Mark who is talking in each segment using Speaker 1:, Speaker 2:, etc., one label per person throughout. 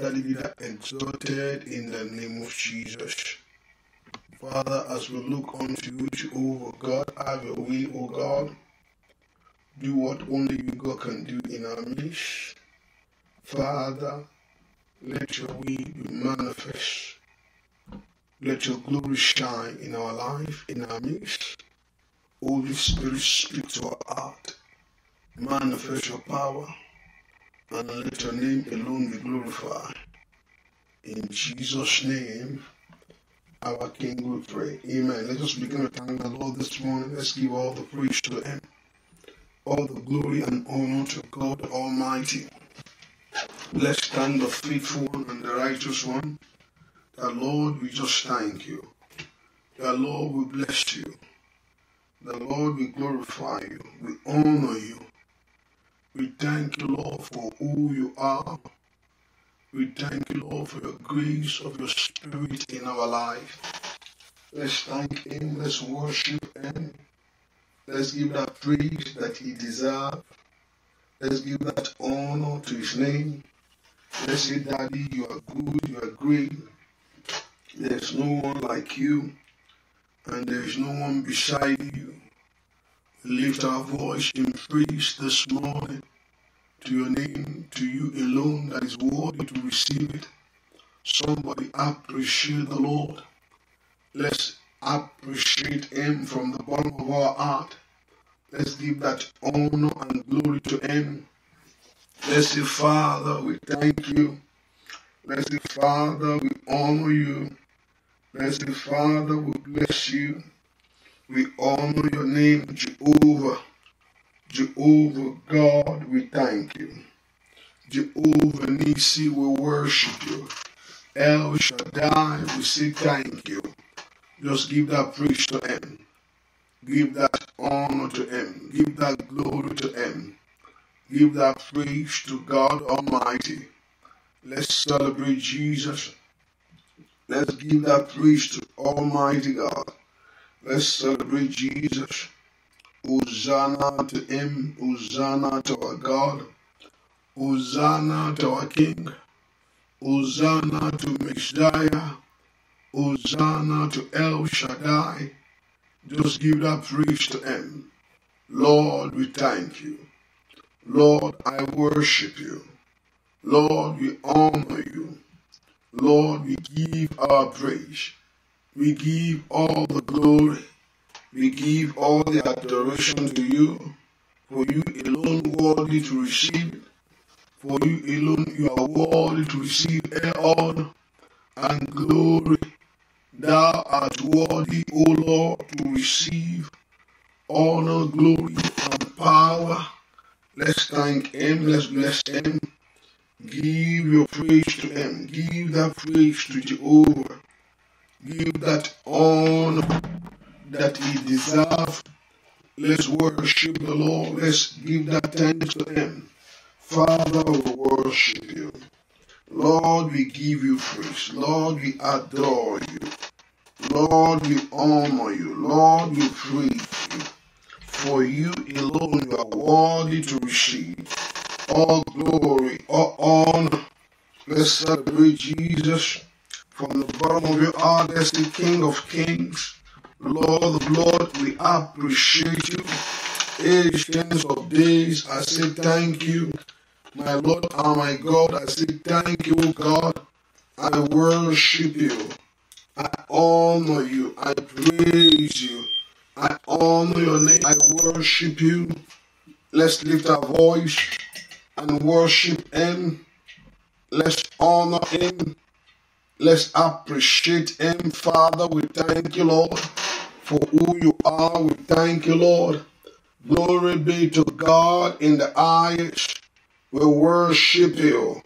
Speaker 1: that exalted in the name of Jesus. Father, as we look unto you, oh God, have your will. O God. Do what only you, God, can do in our midst. Father, let your will be manifest. Let your glory shine in our life, in our midst. Holy Spirit, speak to our heart. Manifest your power and let your name alone be glorified. In Jesus' name, our King we pray. Amen. Let us begin to thank the Lord this morning. Let's give all the praise to Him, all the glory and honor to God Almighty. Let's thank the faithful one and the righteous one. The Lord, we just thank you. The Lord, we bless you. The Lord, we glorify you. We honor you. We thank you, Lord, for who you are. We thank you, Lord, for your grace of your spirit in our life. Let's thank Him, let's worship Him, let's give that praise that He deserves, let's give that honor to His name. Let's say, Daddy, you are good, you are great. There's no one like you, and there is no one beside you lift our voice in praise this morning to your name, to you alone that is worthy to receive it. Somebody appreciate the Lord. Let's appreciate Him from the bottom of our heart. Let's give that honor and glory to Him. Let's say, Father, we thank you. Let's say, Father, we honor you. Let's say, Father, we bless you. We honor your name, Jehovah. Jehovah God, we thank you. Jehovah Nisi, we worship you. El Shaddai, we say thank you. Just give that praise to him. Give that honor to him. Give that glory to him. Give that praise to God Almighty. Let's celebrate Jesus. Let's give that praise to Almighty God. Let's celebrate Jesus. Hosanna to Him. Hosanna to our God. Hosanna to our King. Hosanna to Messiah. Hosanna to El Shaddai. Just give that praise to Him. Lord, we thank you. Lord, I worship you. Lord, we honor you. Lord, we give our praise. We give all the glory. We give all the adoration to you. For you alone worthy to receive. For you alone you are worthy to receive honor and glory. Thou art worthy, O Lord, to receive honor, glory, and power. Let's thank Him. Let's bless Him. Give your praise to Him. Give that praise to Jehovah give that honor that he deserves. Let's worship the Lord. Let's give that thanks to him. Father, we worship you. Lord, we give you praise. Lord, we adore you. Lord, we honor you. Lord, we praise you. For you alone you are worthy to receive all glory, all honor. Let's celebrate Jesus. From the bottom of your heart, the King of Kings, Lord of Lord, we appreciate you. Ancients of days, I say thank you. My Lord and my God, I say thank you, God. I worship you. I honor you. I praise you. I honor your name. I worship you. Let's lift our voice and worship Him. Let's honor Him. Let's appreciate Him, Father. We thank you, Lord, for who you are. We thank you, Lord. Glory be to God in the highest. We worship you.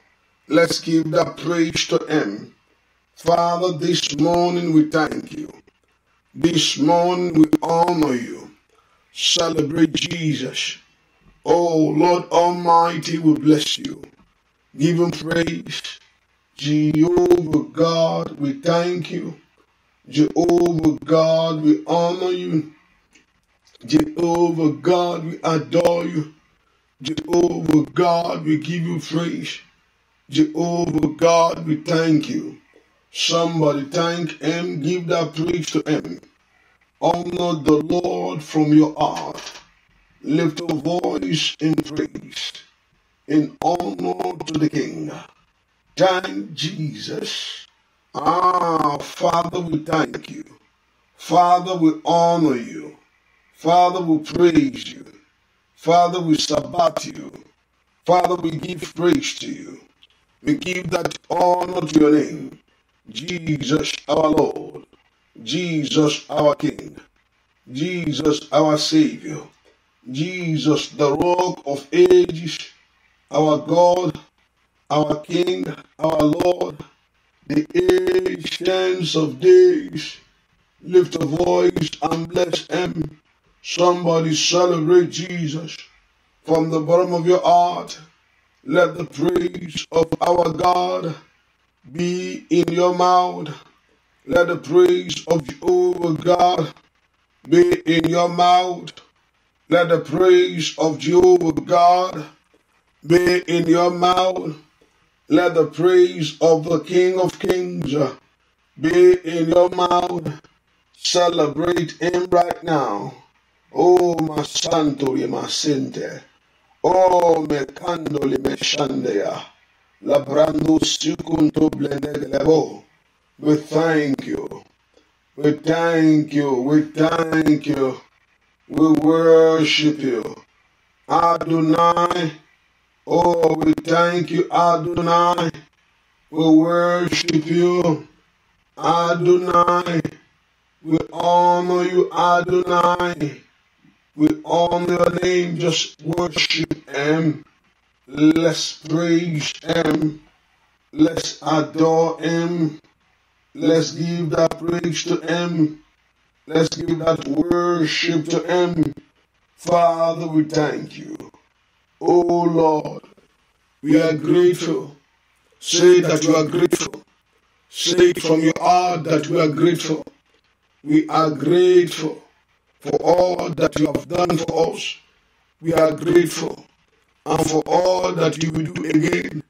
Speaker 1: Let's give the praise to Him. Father, this morning we thank you. This morning we honor you. Celebrate Jesus. Oh, Lord Almighty, we bless you. Give Him praise. Jehovah God, we thank you. Jehovah God, we honor you. Jehovah God, we adore you. Jehovah God, we give you praise. Jehovah God, we thank you. Somebody thank Him, give that praise to Him. Honor the Lord from your heart. Lift a voice in praise, in honor to the King. Thank Jesus. Ah, Father, we thank you. Father, we honor you. Father, we praise you. Father, we sabbat you. Father, we give praise to you. We give that honor to your name. Jesus, our Lord. Jesus, our King. Jesus, our Savior. Jesus, the rock of ages, our God, our King, our Lord, the ancients of days. Lift a voice and bless him. Somebody celebrate Jesus from the bottom of your heart. Let the praise of our God be in your mouth. Let the praise of Jehovah God be in your mouth. Let the praise of Jehovah God be in your mouth. Let the praise of the King of Kings uh, be in your mouth. Celebrate him right now. Oh, my santo O my sinte. Oh, me candoli me shandea. Uh, Labrando sucunto blendeglebo. We thank you. We thank you. We thank you. We worship you. Adonai. Oh, we thank you, Adonai. We worship you, Adonai. We honor you, Adonai. We honor your name, just worship Him. Let's praise Him. Let's adore Him. Let's give that praise to Him. Let's give that worship to Him. Father, we thank you. O oh Lord, we are grateful. Say that you are grateful. Say it from your heart that we are grateful. We are grateful for all that you have done for us. We are grateful. And for all that you will do again,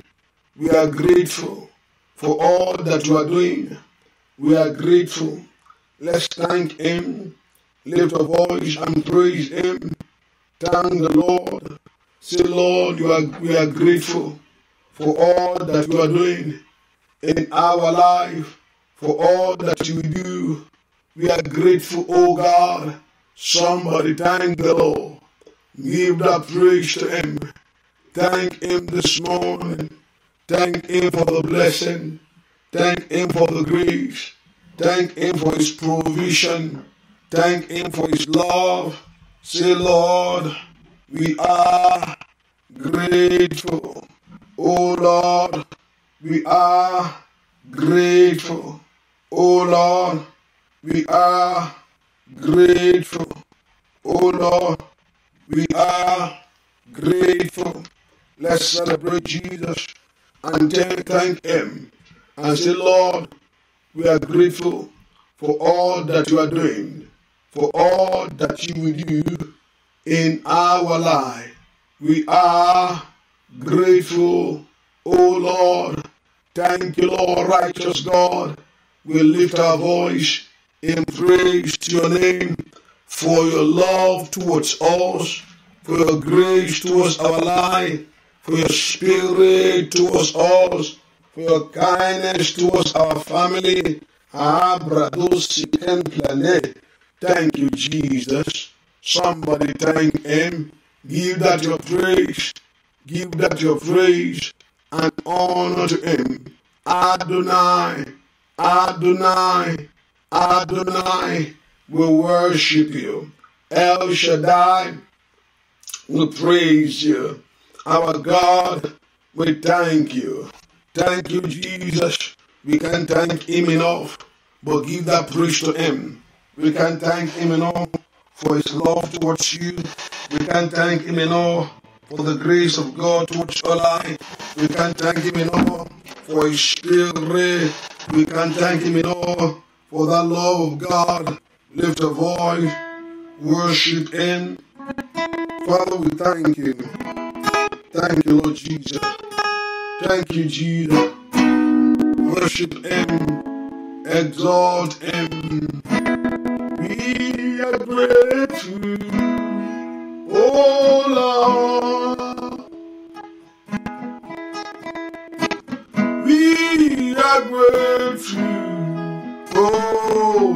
Speaker 1: we are grateful. For all that you are doing, we are grateful. Let's thank Him. Lift a voice and praise Him. Thank the Lord. Say, Lord, you are, we are grateful for all that you are doing in our life, for all that you do. We are grateful, oh God. Somebody thank the Lord. Give that praise to Him. Thank Him this morning. Thank Him for the blessing. Thank Him for the grace. Thank Him for His provision. Thank Him for His love. Say, Lord, we are grateful. Oh Lord, we
Speaker 2: are grateful. Oh Lord, we are grateful. Oh Lord, we are
Speaker 1: grateful. Let's celebrate Jesus and thank Him and say, Lord, we are grateful for all that you are doing, for all that you will do in our life. We are grateful, O Lord. Thank you, Lord, righteous God. We lift our voice in praise to your name for your love towards us, for your grace towards our life, for your spirit towards us, for your kindness towards our family. Thank you, Jesus. Somebody thank Him. Give that your praise. Give that your praise and honor to Him. Adonai, Adonai, Adonai, we worship you. El Shaddai, we praise you. Our God, we thank you. Thank you, Jesus. We can't thank Him enough, but give that praise to Him. We can't thank Him enough, for his love towards you. We can thank him enough for the grace of God towards your life. We can thank him enough for his spirit, We can thank him enough for that love of God. Lift a voice, worship him. Father, we thank
Speaker 2: you. Thank you, Lord Jesus. Thank you, Jesus. Worship him. Exalt him. We are grateful, oh Lord. We are grateful, oh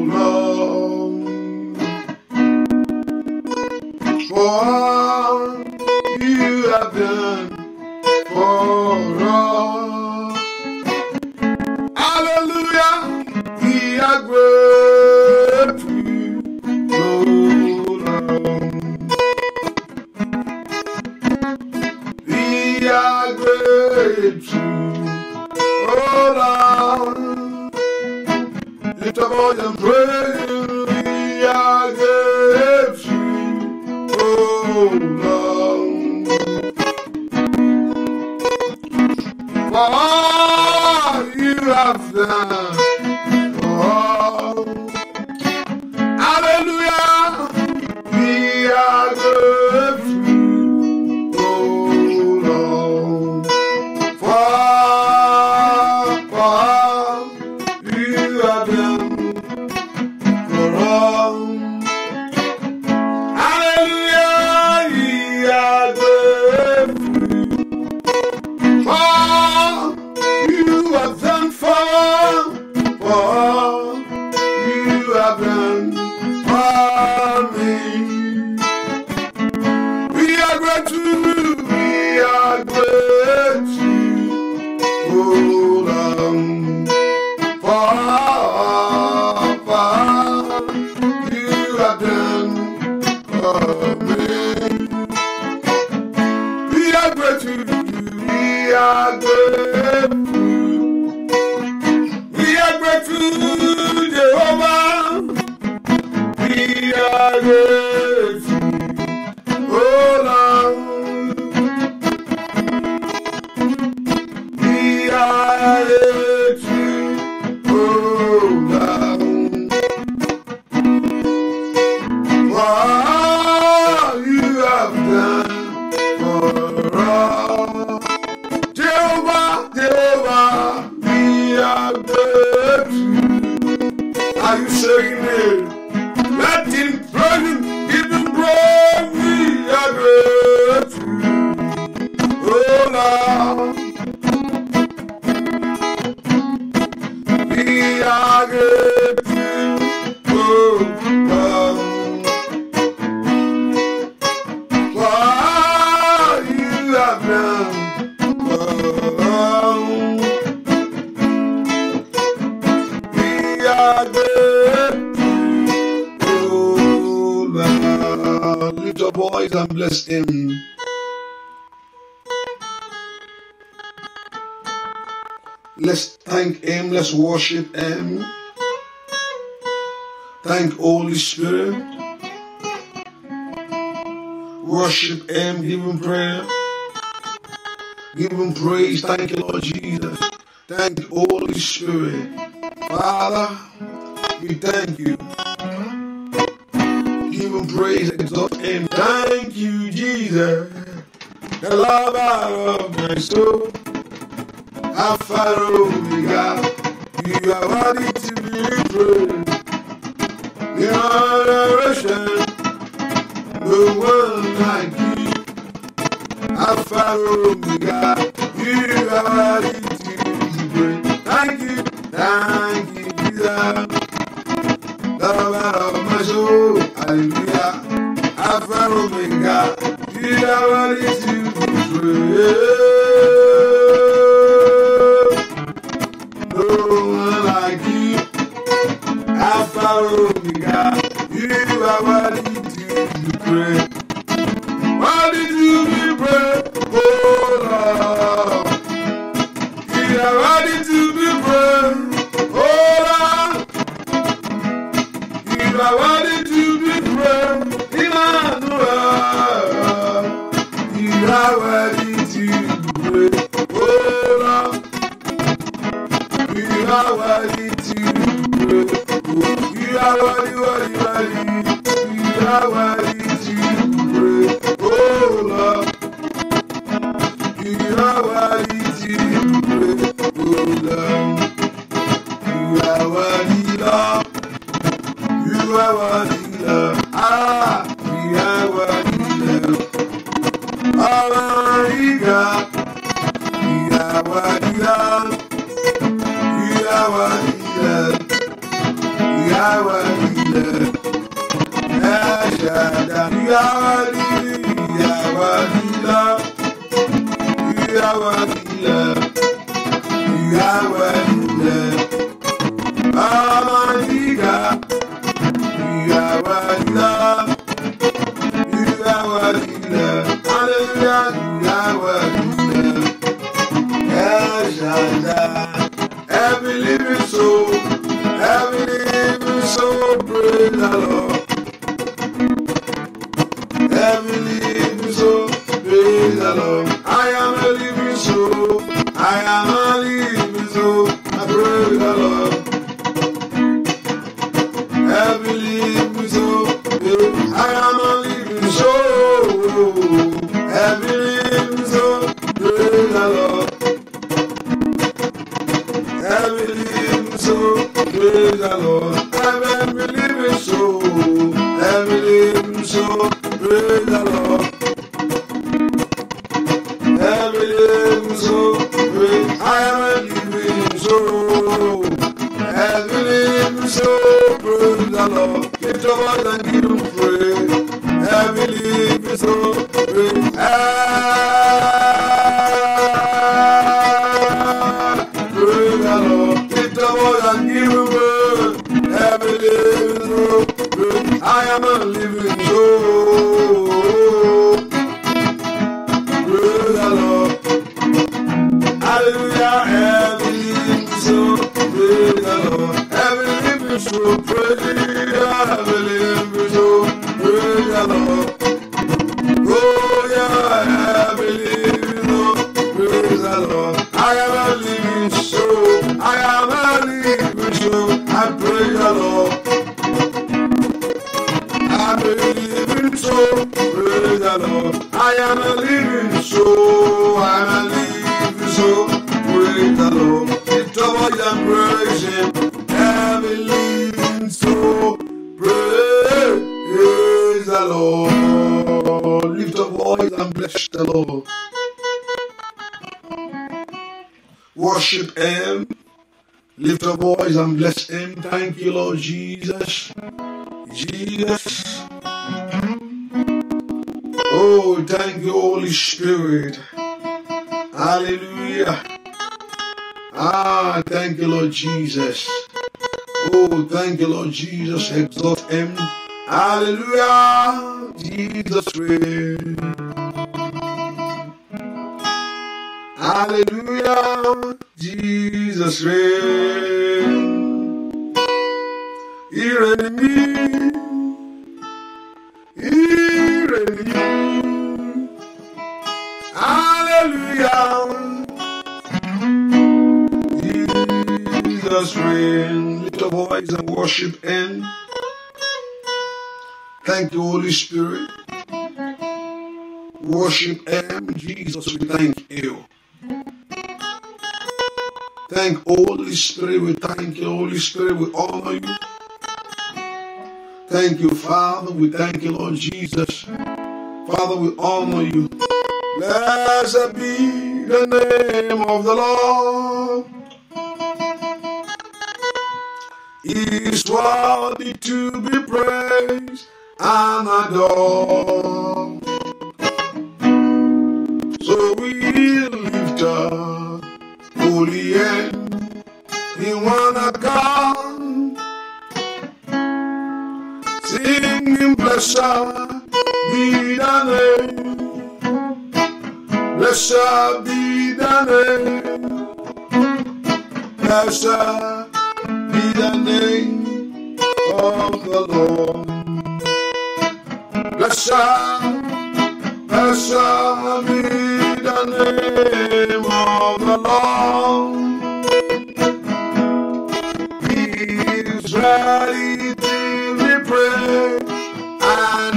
Speaker 2: Lord. For all you have done for us. Hallelujah, we are grateful. way to oh Lord. Lift up all your praying I you, oh Lord. For all you have done. Tiger!
Speaker 1: Jesus, Jesus. Oh, thank you, Holy Spirit. Hallelujah. Ah, thank you, Lord Jesus. Oh, thank you, Lord Jesus. Exalt him.
Speaker 2: Hallelujah. Jesus reigns. Hallelujah. Jesus reigns and and Ireni, Hallelujah.
Speaker 1: Jesus reign. Lift up voice and worship Him. Thank the Holy Spirit. Worship Him, Jesus. We thank you. Thank Holy Spirit. We thank you, Holy Spirit. We honor you. Thank you, Father. We thank you, Lord Jesus. Father, we honor you.
Speaker 2: Blessed be the name of the Lord. He is worthy to be praised and adored. So we lift up holy end in one accord. Blessed be thy name. Blessed be thy name. Blessed be the name of oh, the Lord. Blessed, blessed be the name of oh, the Lord. He is ready to be praised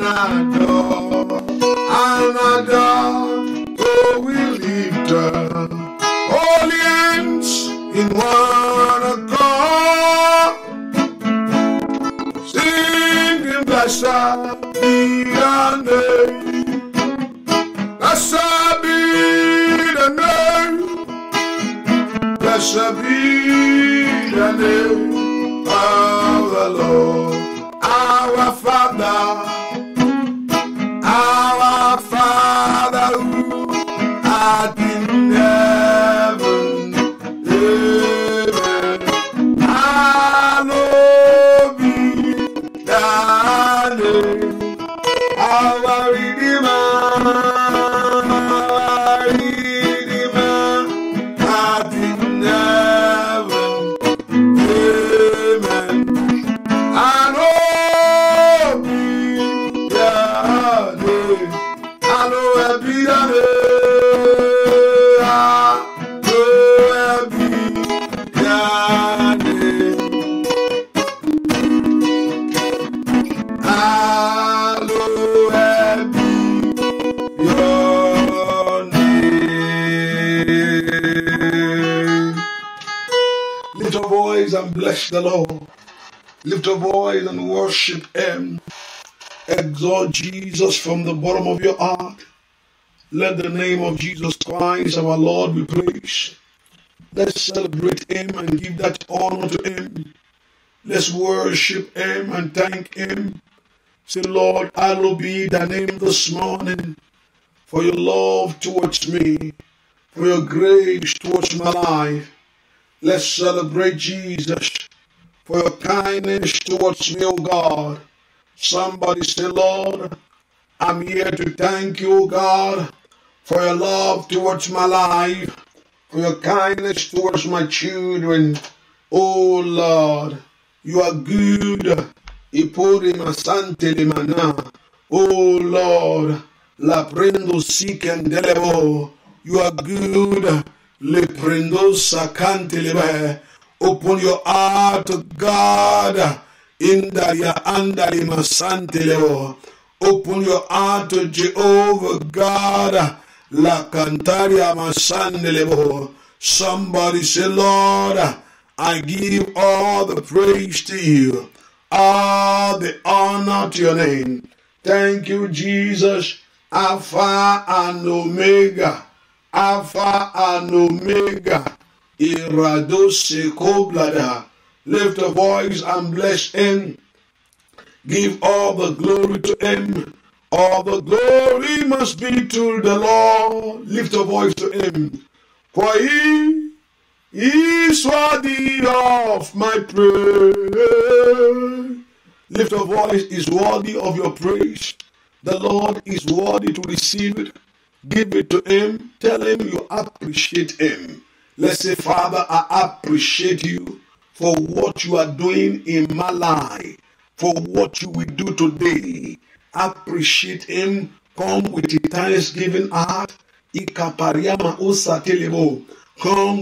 Speaker 2: adore, an adore, oh, we lift up, all the ends in one accord, singing blessed.
Speaker 1: exalt Jesus from the bottom of your heart. Let the name of Jesus Christ, our Lord, be praised. Let's celebrate Him and give that honor to Him. Let's worship Him and thank Him. Say, Lord, I will be thy name this morning for your love towards me, for your grace towards my life. Let's celebrate Jesus for your kindness towards me, O God. Somebody say, Lord, I'm here to thank you, God, for your love towards my life, for your kindness towards my children. Oh, Lord, you are good. Ipurima sante Oh, Lord, la prendo si candelevo. You are good. Le prendo sacante Open your heart, God. Indaria andari masante leo. Open your heart to Jehovah God. La cantaria masande leo. Somebody say, Lord, I give all the praise to you, all the honor to your name. Thank you, Jesus, Alpha and Omega, Alpha and Omega, se Koblada. Lift a voice and bless him. Give all the glory to him. All the glory must be to the Lord. Lift a voice to him. For he is worthy of my praise. Lift a voice is worthy of your praise. The Lord is worthy to receive it. Give it to him. Tell him you appreciate him. Let's say, Father, I appreciate you. for what you are doing in my life, for what you will do today. Appreciate Him. Come with a thanksgiving heart. Come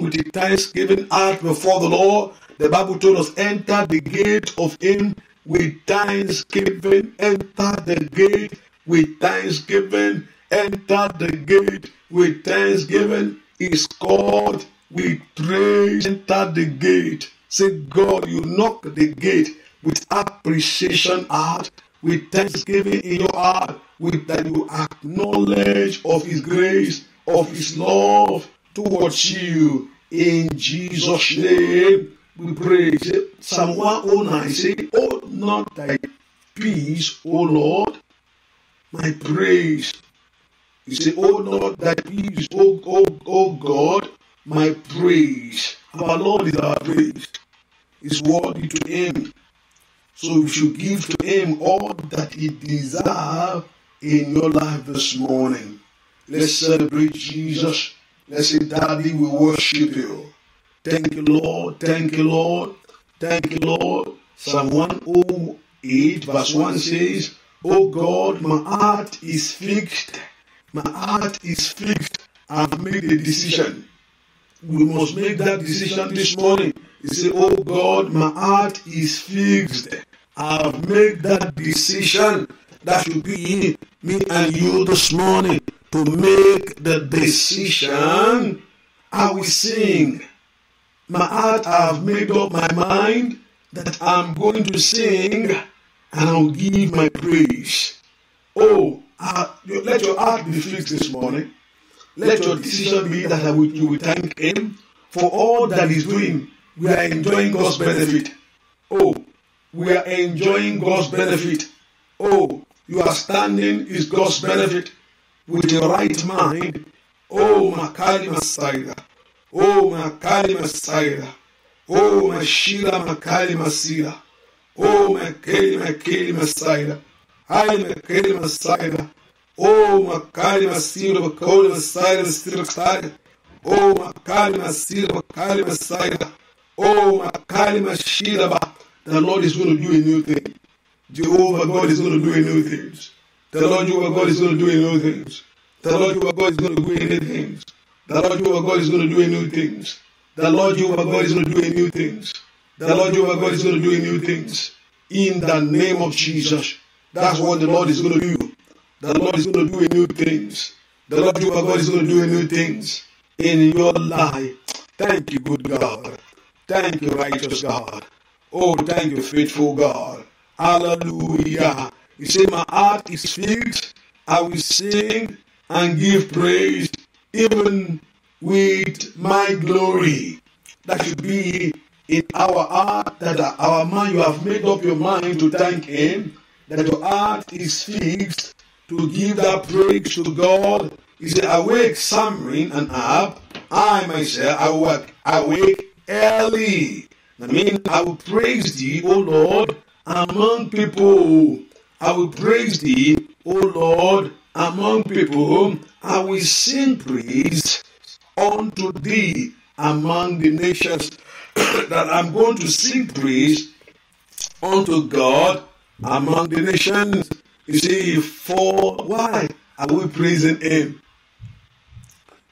Speaker 1: with a thanksgiving heart before the Lord. The Bible told us, enter the gate of Him with thanksgiving. Enter the gate with thanksgiving. Enter the gate with thanksgiving. Is called with praise. Enter the gate Say, God, you knock the gate with appreciation heart, with thanksgiving in your heart, with that you acknowledge of His grace, of His love towards you. In Jesus' name, we pray. Say, Psalm 109 say, Hold not thy peace, O Lord, my praise. You say, Hold not thy peace, O, o, o God, my praise. Our Lord is our praise, is worthy to Him. So if should give to Him all that He desires in your life this morning. Let's celebrate Jesus. Let's say, Daddy, we worship you. Thank you, Lord. Thank you, Lord. Thank you, Lord. Psalm 108, verse 1 says, Oh God, my heart is fixed. My heart is fixed. I've made a decision we must make that decision this morning. You say, Oh God, my heart is fixed. I've made that decision. That should be in me and you this morning to make the decision. I will sing. My heart, I've made up my mind that I'm going to sing and I'll give my praise. Oh, I, uh, let your heart be fixed this morning. Let your decision be that will, you will thank Him for all that He's doing. We are enjoying God's benefit. Oh, we are enjoying God's benefit. Oh, you are standing is God's benefit with your right mind. Oh, Makali Masaida. Oh, Makali Masaida. Oh, Mashira Makali Masira. Oh, Makali Makali Masaida. I Makali Masaida. Oh, ओम अकालिम सीरव कौलम सायम सिरक्ताय ओम अकालिम सीरव कालिम सायदा ओम akalima shiraba the lord is going to do a new thing jehovah god is going to do a new thing the lord jehovah god is going to do a new thing the lord jehovah god is going to do a new thing the lord jehovah god is going to do a new thing the lord jehovah god is going to do a new thing the lord jehovah god is going to do a new thing in the name of jesus that's what the lord is going to do the Lord is going to do a new things. The Lord your God is going to do a new things in your life. Thank you, good God. Thank you, righteous God. Oh, thank you, faithful God. Hallelujah. You say, My heart is filled. I will sing and give praise, even with my glory. That should be in our heart, that our mind, you have made up your mind to thank Him, that your heart is fixed to give that praise to God. He said, Awake, Samrin and Ab, I myself, I will awake early. I mean, I will praise thee, O Lord, among people. I will praise thee, O Lord, among people. I will sing praise unto thee among the nations. that I'm going to sing praise unto God among the nations. You see, for why are we praising Him?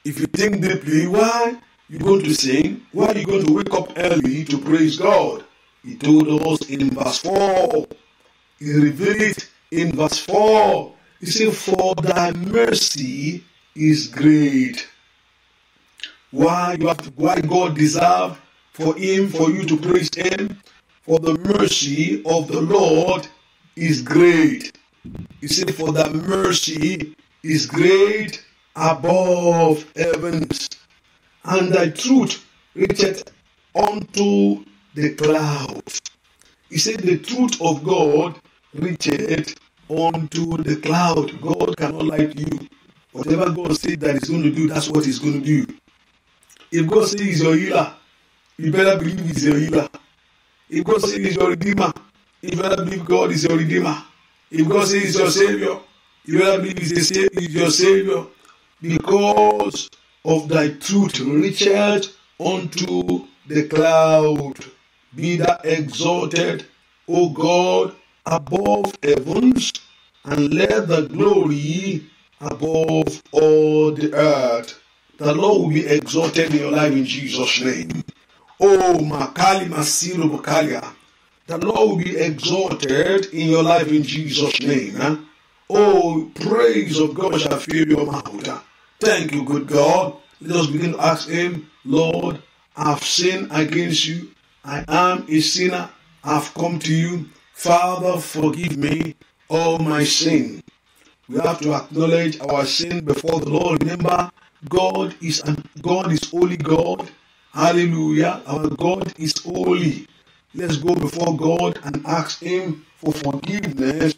Speaker 1: If you think deeply, why you going to sing? Why you going to wake up early to praise God? He told us in verse 4. He revealed it in verse 4. He said, For thy mercy is great. Why you have to, why God deserve for him, for you to praise him? For the mercy of the Lord is great. He said, For the mercy is great above heavens, and thy truth reacheth unto the clouds. He said, The truth of God reacheth unto the cloud. God cannot lie to you. Whatever God said that He's going to do, that's what He's going to do. If God says He's your healer, you better believe He's your healer. If God says He's your redeemer, you better believe God is your redeemer. because He is your Savior. You have been is your Savior because of thy truth reached unto the cloud. Be thou exalted, O God, above heavens, and let the glory above all the earth. The Lord will be exalted in your life in Jesus' name. Oh, Makali Masiru Makalia. The Lord will be exalted in your life in Jesus' name. Huh? Oh, praise of God shall fill your mouth. Thank you, good God. Let us begin to ask Him, Lord, I've sinned against you. I am a sinner. I've come to you. Father, forgive me all my sin. We have to acknowledge our sin before the Lord. Remember, God is God is holy God. Hallelujah. Our God is holy. Let's go before God and ask Him for forgiveness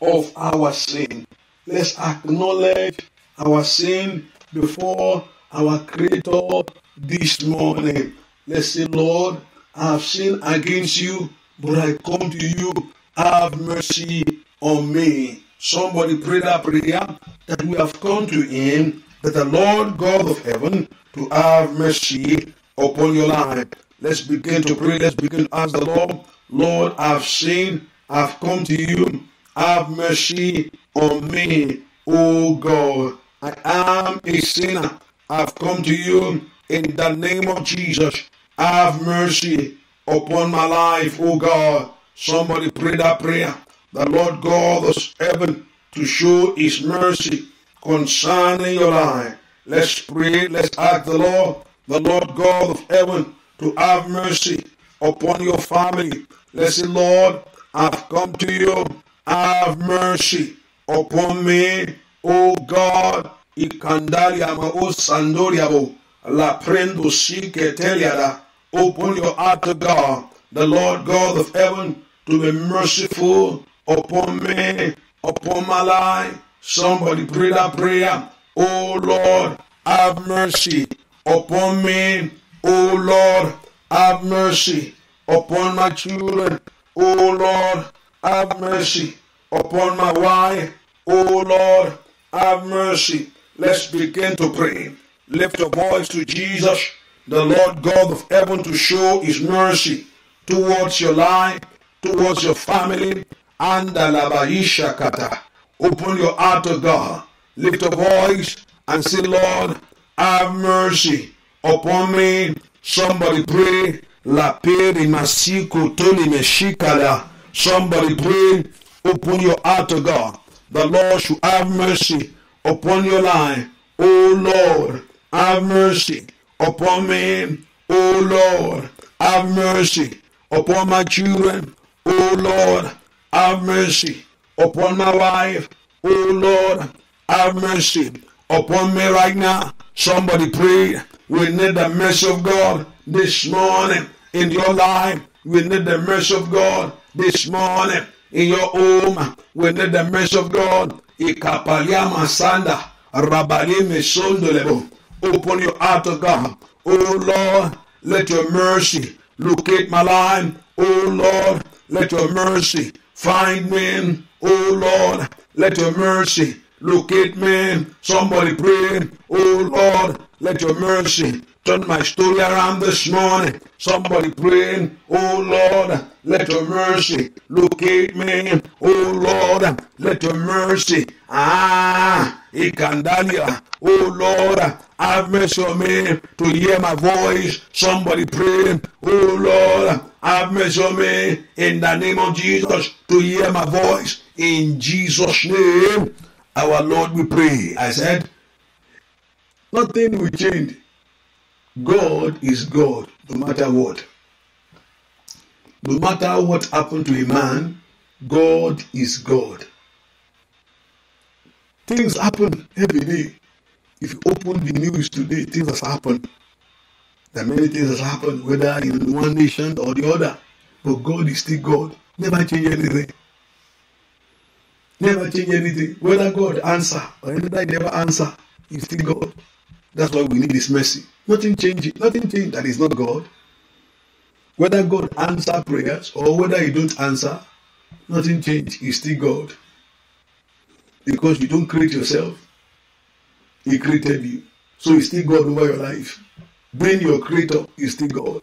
Speaker 1: of our sin. Let's acknowledge our sin before our Creator this morning. Let's say, Lord, I have sinned against you, but I come to you. Have mercy on me. Somebody pray that prayer that we have come to Him, that the Lord God of heaven, to have mercy upon your life. Let's begin to pray. Let's begin to ask the Lord, Lord, I've sinned. I've come to you. Have mercy on me, O God. I am a sinner. I've come to you in the name of Jesus. Have mercy upon my life, O God. Somebody pray that prayer. The Lord God of heaven to show his mercy concerning your life. Let's pray. Let's ask the Lord, the Lord God of heaven, to have mercy upon your family. Let's say, Lord, I've come to you. Have mercy upon me, O God. Ikandaria mao sandoriabo la prendo shiketeliada. Open your heart to God, the Lord God of heaven, to be merciful upon me, upon my life. Somebody pray that prayer. Oh Lord, have mercy upon me, O Lord, have mercy upon my children. O Lord, have mercy upon my wife. O Lord, have mercy. Let's begin to pray. Lift your voice to Jesus, the Lord God of heaven, to show his mercy towards your life, towards your family. And kata. Open your heart to God. Lift your voice and say, Lord, have mercy upon me. Somebody pray. La peri masiko toli meshikala. Somebody pray. Open your heart to God. The Lord should have mercy upon your life. Oh Lord, have mercy upon me. Oh Lord, have mercy upon my children. Oh Lord, have mercy upon my wife. Oh Lord, have mercy upon me right now. Somebody pray. We need the mercy of God this morning in your life. We need the mercy of God this morning in your home. We need the mercy of God. Ikapaliama sanda rabalime sondolebo. Open your heart to God. Oh Lord, let your mercy locate my life. Oh Lord, let your mercy find me. Oh Lord, let your mercy locate me. Somebody praying, oh Lord, let your mercy turn my story around this morning. Somebody praying, oh Lord, let your mercy locate me. Oh Lord, let your mercy. Ah, Ikandalia. Oh Lord, have mercy on me to hear my voice. Somebody praying, oh Lord, have mercy on me in the name of Jesus to hear my voice. In Jesus' name. Our Lord, we pray. I said, nothing will change. God is God, no matter what. No matter what happened to a man, God is God. Things happen every day. If you open the news today, things has happened. There are many things has happened, whether in one nation or the other. But God is still God. Never change anything. never change anything. Whether God answer or He never answer, it's still God. That's why we need His mercy. Nothing changes. Nothing changes that is not God. Whether God answer prayers or whether He don't answer, nothing changes. He's still God. Because you don't create yourself. He created you. So He's still God over your life. Being your creator is still God.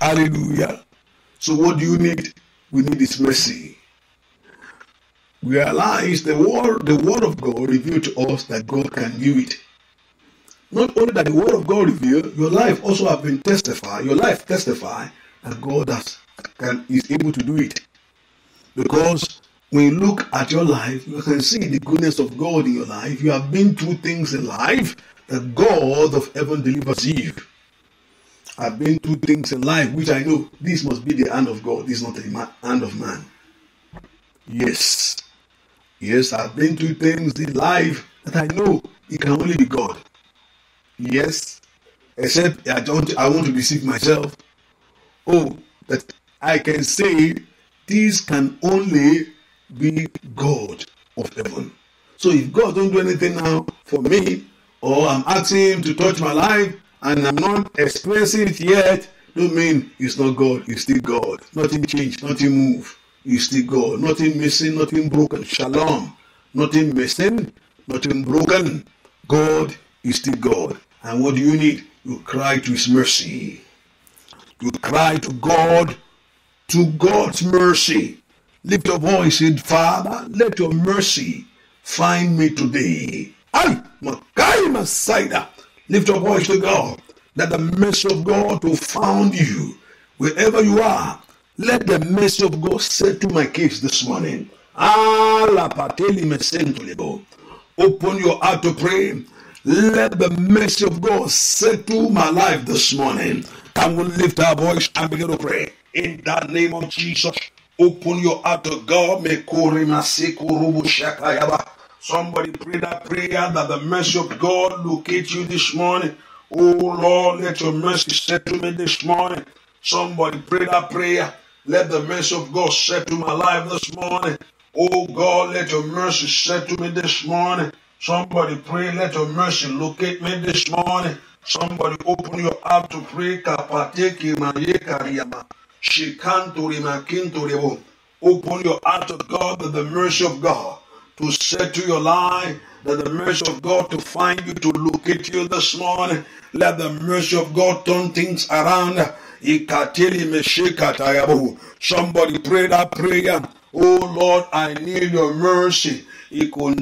Speaker 1: Hallelujah. So what do you need? We need His mercy realize the word, the word of God revealed to us that God can do it. Not only that the word of God revealed, your life also have been testified, your life testify that God has, can, is able to do it. Because when you look at your life, you can see the goodness of God in your life. You have been through things in life that God of heaven delivers you. I've been through things in life which I know this must be the hand of God, this is not the hand of man. Yes, Yes, I've been through things in life that I know it can only be God. Yes, except I don't I want to deceive myself. Oh, that I can say this can only be God of heaven. So if God don't do anything now for me, or I'm asking Him to touch my life and I'm not experiencing it yet, don't mean it's not God, it's still God. Nothing changed, nothing moved. Is still God Nothing missing, nothing broken. Shalom. Nothing missing, nothing broken. God is still God. And what do you need? You cry to His mercy. You cry to God, to God's mercy. Lift your voice and Father, let your mercy find me today. I, Makai Masaida, lift your voice to God, that the mercy of God will found you wherever you are. Let the mercy of God settle my case this morning. Ah, open your heart to pray. Let the mercy of God settle my life this morning. Come on, lift our voice and begin to pray? In the name of Jesus, open your heart to God. Somebody pray that prayer that the mercy of God locate you this morning. Oh Lord, let your mercy settle me this morning. Somebody pray that prayer. Let the mercy of God set to my life this morning. Oh God, let your mercy set to me this morning. Somebody pray, let your mercy locate me this morning. Somebody open your heart to pray. Open your heart to God that the mercy of God to set to your life, that the mercy of God to find you, to locate you this morning. Let the mercy of God turn things around. Somebody pray that prayer. Oh Lord, I need your mercy. Open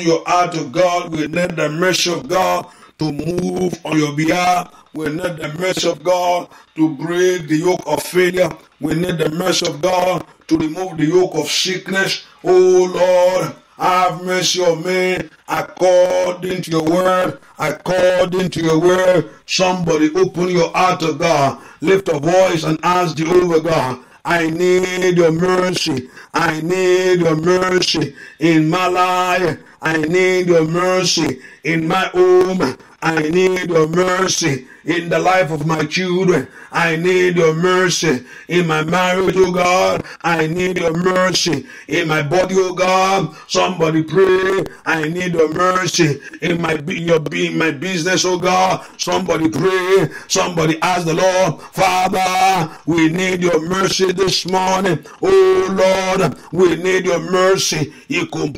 Speaker 1: your heart to God. We need the mercy of God to move on your behalf. We need the mercy of God to break the yoke of failure. We need the mercy of God to remove the yoke of sickness. Oh Lord, have mercy on me according to your word, according to your word. Somebody open your heart to God. Lift a voice and ask the over God. I need your mercy. I need your mercy in my life. I need your mercy in my home. I need your mercy in the life of my children. I need your mercy in my marriage, oh God. I need your mercy in my body, oh God. Somebody pray. I need your mercy in my your being, my business, oh God. Somebody pray. Somebody ask the Lord, Father, we need your mercy this morning. Oh Lord, we need your mercy. Somebody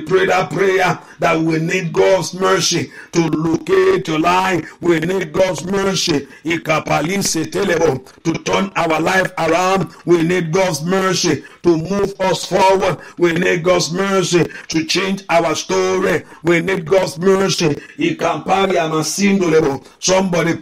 Speaker 1: pray that prayer that we need God's mercy to locate July, we need God's mercy. To turn our life around, we need God's mercy. To move us forward, we need God's mercy. To change our story, we need God's mercy. Somebody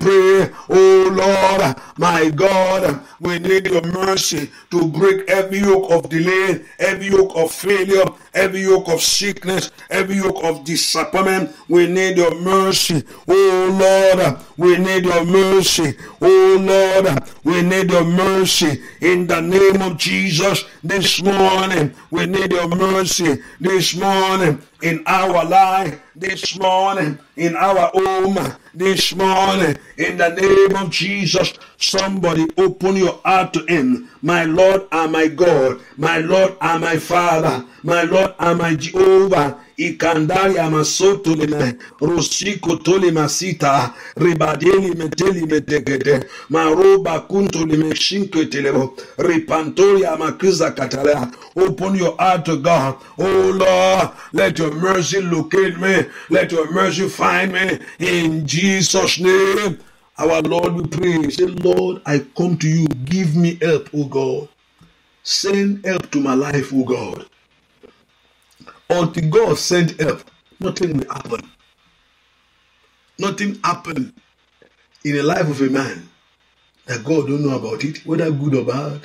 Speaker 1: pray, Oh Lord, my God, we need your mercy to break every yoke of delay, every yoke of failure, every yoke of sickness, every yoke of disappointment. We need your mercy. Oh Oh Lord, we need your mercy. Oh Lord, we need your mercy. In the name of Jesus, this morning, we need your mercy. This morning, in our life, this morning, in our home, this morning, in the name of Jesus, somebody open your heart to Him. My Lord and my God, my Lord and my Father, my Lord and my Jehovah ikandaria amasoto lene rosiko tole masita ribadeli meteli metegede maroba kunto lime shinko telebo ripantoria makiza katala open your heart to God oh Lord let your mercy locate me let your mercy find me in Jesus name our Lord we pray say Lord I come to you give me help oh God send help to my life oh God until God send help, nothing will happen. Nothing happened in the life of a man that God don't know about it, whether good or bad.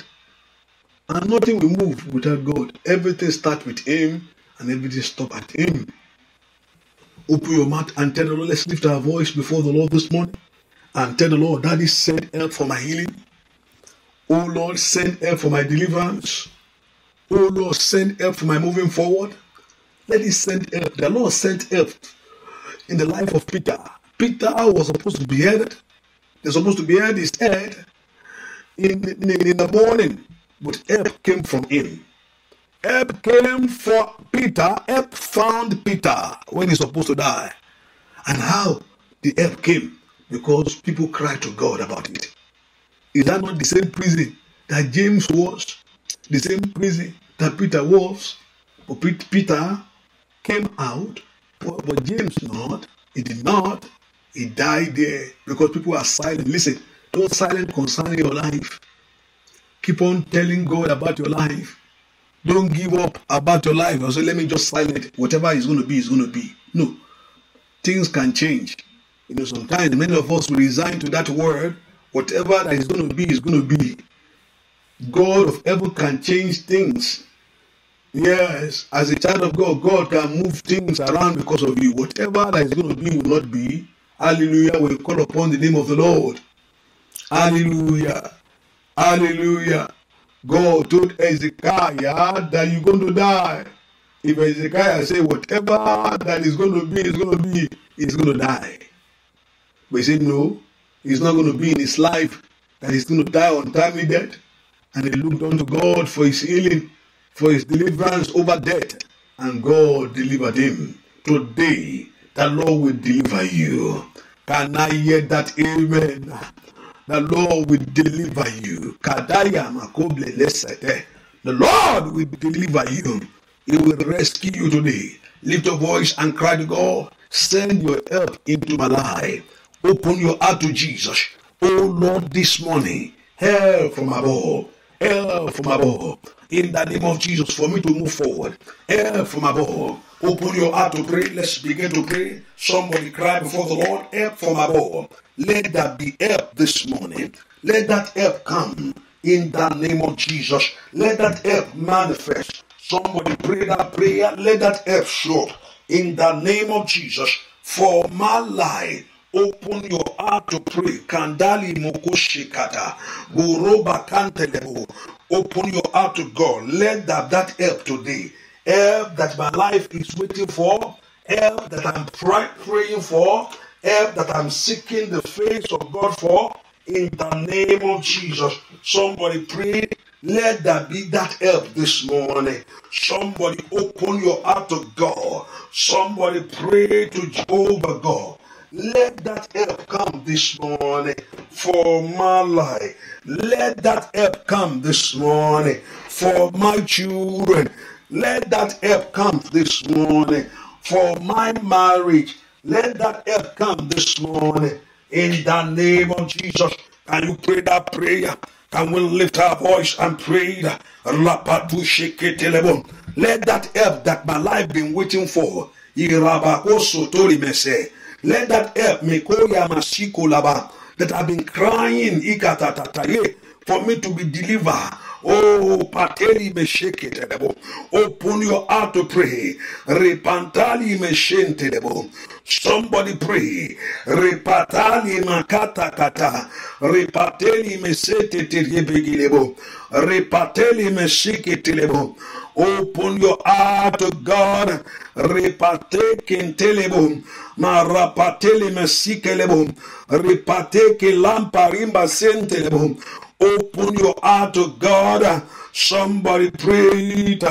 Speaker 1: And nothing will move without God. Everything starts with Him and everything stops at Him. Open your mouth and tell the Lord, let's lift our voice before the Lord this morning and tell the Lord, Daddy, send help for my healing. Oh Lord, send help for my deliverance. Oh Lord, send help for my moving forward. Let it send help. The Lord sent help in the life of Peter. Peter was supposed to be headed. They're supposed to be at his head in, in, in the morning. But help came from him. Help came for Peter. Help found Peter when he's supposed to die. And how the help came? Because people cried to God about it. Is that not the same prison that James was? The same prison that Peter was? But Peter came out, but, but James not. He did not. He died there because people are silent. Listen, don't silent concerning your life. Keep on telling God about your life. Don't give up about your life. I say, let me just silent. Whatever is going to be is going to be. No, things can change. You know, sometimes many of us resign to that word. Whatever that is going to be is going to be. God of heaven can change things. Yes, as a child of God, God can move things around because of you. Whatever that is going to be will not be. Hallelujah. We call upon the name of the Lord. Hallelujah. Hallelujah. God told Ezekiah that you're going to die. If Ezekiah said whatever that is going to be is going to be, he's going to die. But he said no, it's not going to be in his life that he's going to die on timely death. And he looked unto God for his healing. for his deliverance over death, and God delivered him. Today, the Lord will deliver you. Can I hear that? Amen. The Lord will deliver you. The Lord will deliver you. He will rescue you today. Lift your voice and cry to God. Send your help into my life. Open your heart to Jesus. Oh Lord, this morning, help from above. Help from above. In the name of Jesus, for me to move forward. Help from above. Open your heart to pray. Let's begin to pray. Somebody cry before the Lord. Help from above. Let that be help this morning. Let that help come in the name of Jesus. Let that help manifest. Somebody pray that prayer. Let that help show in the name of Jesus for my life Open your heart to pray. Kandali mokoshikata. Boroba kantelebo. Open your heart to God. Let that, that help today. Help that my life is waiting for. Help that I'm praying for. Help that I'm seeking the face of God for. In the name of Jesus. Somebody pray. Let there be that help this morning. Somebody open your heart to God. Somebody pray to Jehovah God. Let that help come this morning for my life. Let that help come this morning for my children. Let that help come this morning for my marriage. Let that help come this morning in the name of Jesus. Can you pray that prayer? Can we lift our voice and pray? Let that help that my life been waiting for. Let that help me, Koya Mashiko Laba, that I've been crying, Ikatatataye, for me to be delivered. Oh, pateli me mesheke debo. Open your heart to pray. Repantali meshente debo. Somebody pray. Repatali makata kata. Repateli me sete mesete tebegilebo. Repateli me shake telebo. Open your heart to God. Repate kentelebo. Marapatele mesikelebo. Repate ke lamparimba sentelebo. Open your heart to God. Somebody pray it.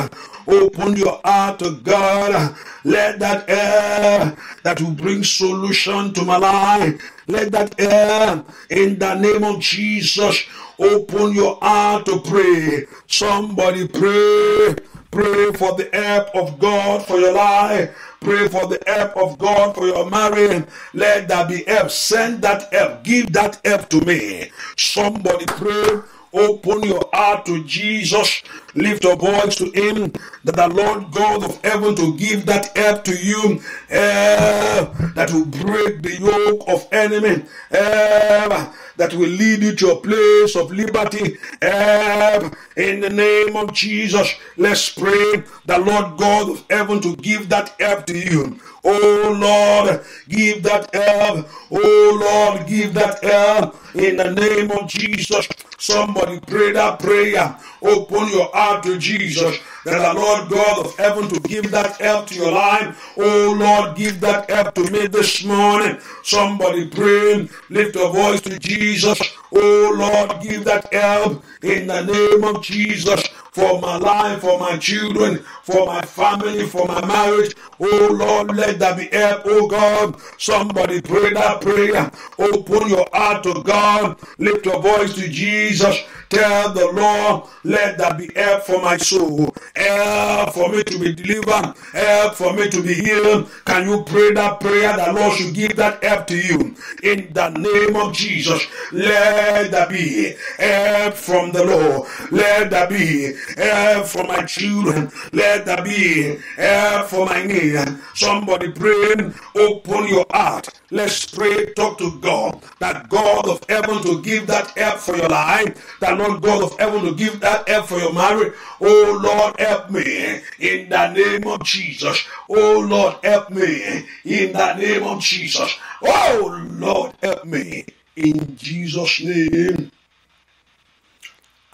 Speaker 1: Open your heart to God. Let that air that will bring solution to my life. Let that air in the name of Jesus. Open your heart to pray. Somebody pray. Pray for the help of God for your life. Pray for the help of God for your marriage. Let that be help. Send that help. Give that help to me. Somebody pray. Open your heart to Jesus. Lift your voice to him that the Lord God of heaven to give that help to you uh, that will break the yoke of enemy. Uh, that will lead you to a place of liberty. Uh, in the name of Jesus, let's pray the Lord God of heaven to give that help to you. Oh Lord, give that help. Oh Lord, give that help in the name of Jesus. Somebody pray that prayer. Open your heart to Jesus, that the Lord God of heaven to give that help to your life. Oh Lord, give that help to me this morning. Somebody pray, lift your voice to Jesus. Oh Lord, give that help in the name of Jesus for my life, for my children, for my family, for my marriage. Oh Lord, let that be help. Oh God, somebody pray that prayer. Open your heart to God. Lift your voice to Jesus Tell the Lord, let there be help for my soul. Help for me to be delivered. Help for me to be healed. Can you pray that prayer that Lord should give that help to you? In the name of Jesus, let there be help from the Lord. Let there be help for my children. Let there be help for my name. Somebody pray, open your heart. Let's pray, talk to God, that God of heaven to give that help for your life, that Lord God of heaven to give that help for your marriage. Oh Lord, help me in the name of Jesus. Oh Lord, help me in the name of Jesus. Oh Lord, help me in Jesus' name.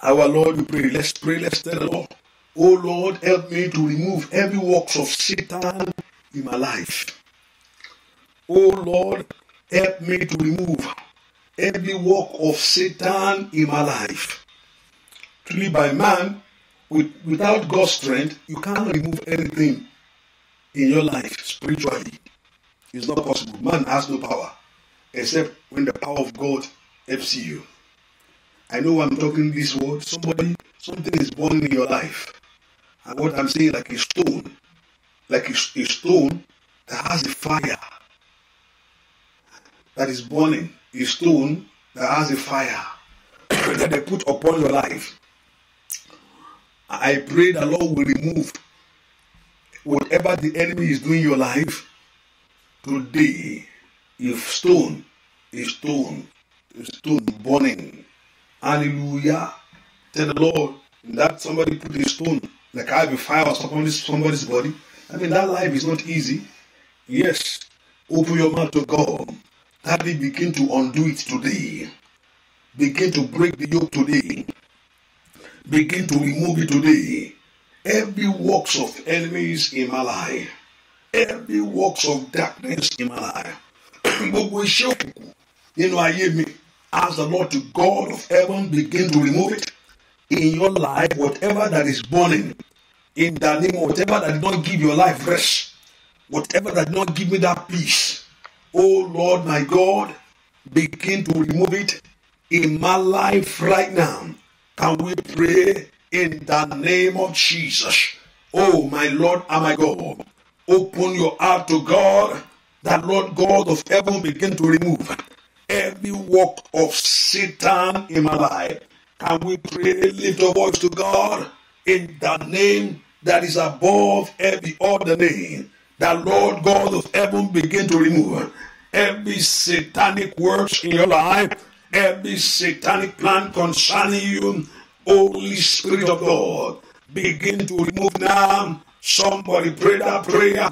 Speaker 1: Our Lord, we pray. Let's pray. Let's tell the Lord. Oh Lord, help me to remove every works of Satan in my life. Oh Lord, help me to remove every work of Satan in my life. Truly, by man, with, without God's strength, you can't remove anything in your life spiritually. It's not possible. Man has no power except when the power of God helps you. I know I'm talking this word. Somebody, something is born in your life. And what I'm saying, like a stone, like a, a stone that has a fire that is burning a stone that has a fire that they put upon your life. I pray the Lord will remove whatever the enemy is doing your life today. If stone, if stone, if stone burning. Hallelujah. Tell the Lord that somebody put a stone, like I have a fire upon somebody's body. I mean, that life is not easy. Yes, open your mouth to God Daddy, begin to undo it today. Begin to break the yoke today. Begin to remove it today. Every works of enemies in my life. Every works of darkness in my life. Gbogbo iṣẹ́ òkùnkùn nínú ayé mi. as the Lord the God of heaven begin to remove it in your life. Whatever that is burning in the name of whatever that did not give your life rest. Whatever that did not give me that peace. Oh Lord my God, begin to remove it in my life right now. And we pray in the name of Jesus. Oh my Lord and my God, open your heart to God that Lord God of heaven begin to remove every work of Satan in my life. And we pray, lift our voice to God in the name that is above every other name. That Lord God of heaven begin to remove every satanic works in your life, every satanic plan concerning you, Holy Spirit of God, begin to remove now. Somebody pray that prayer.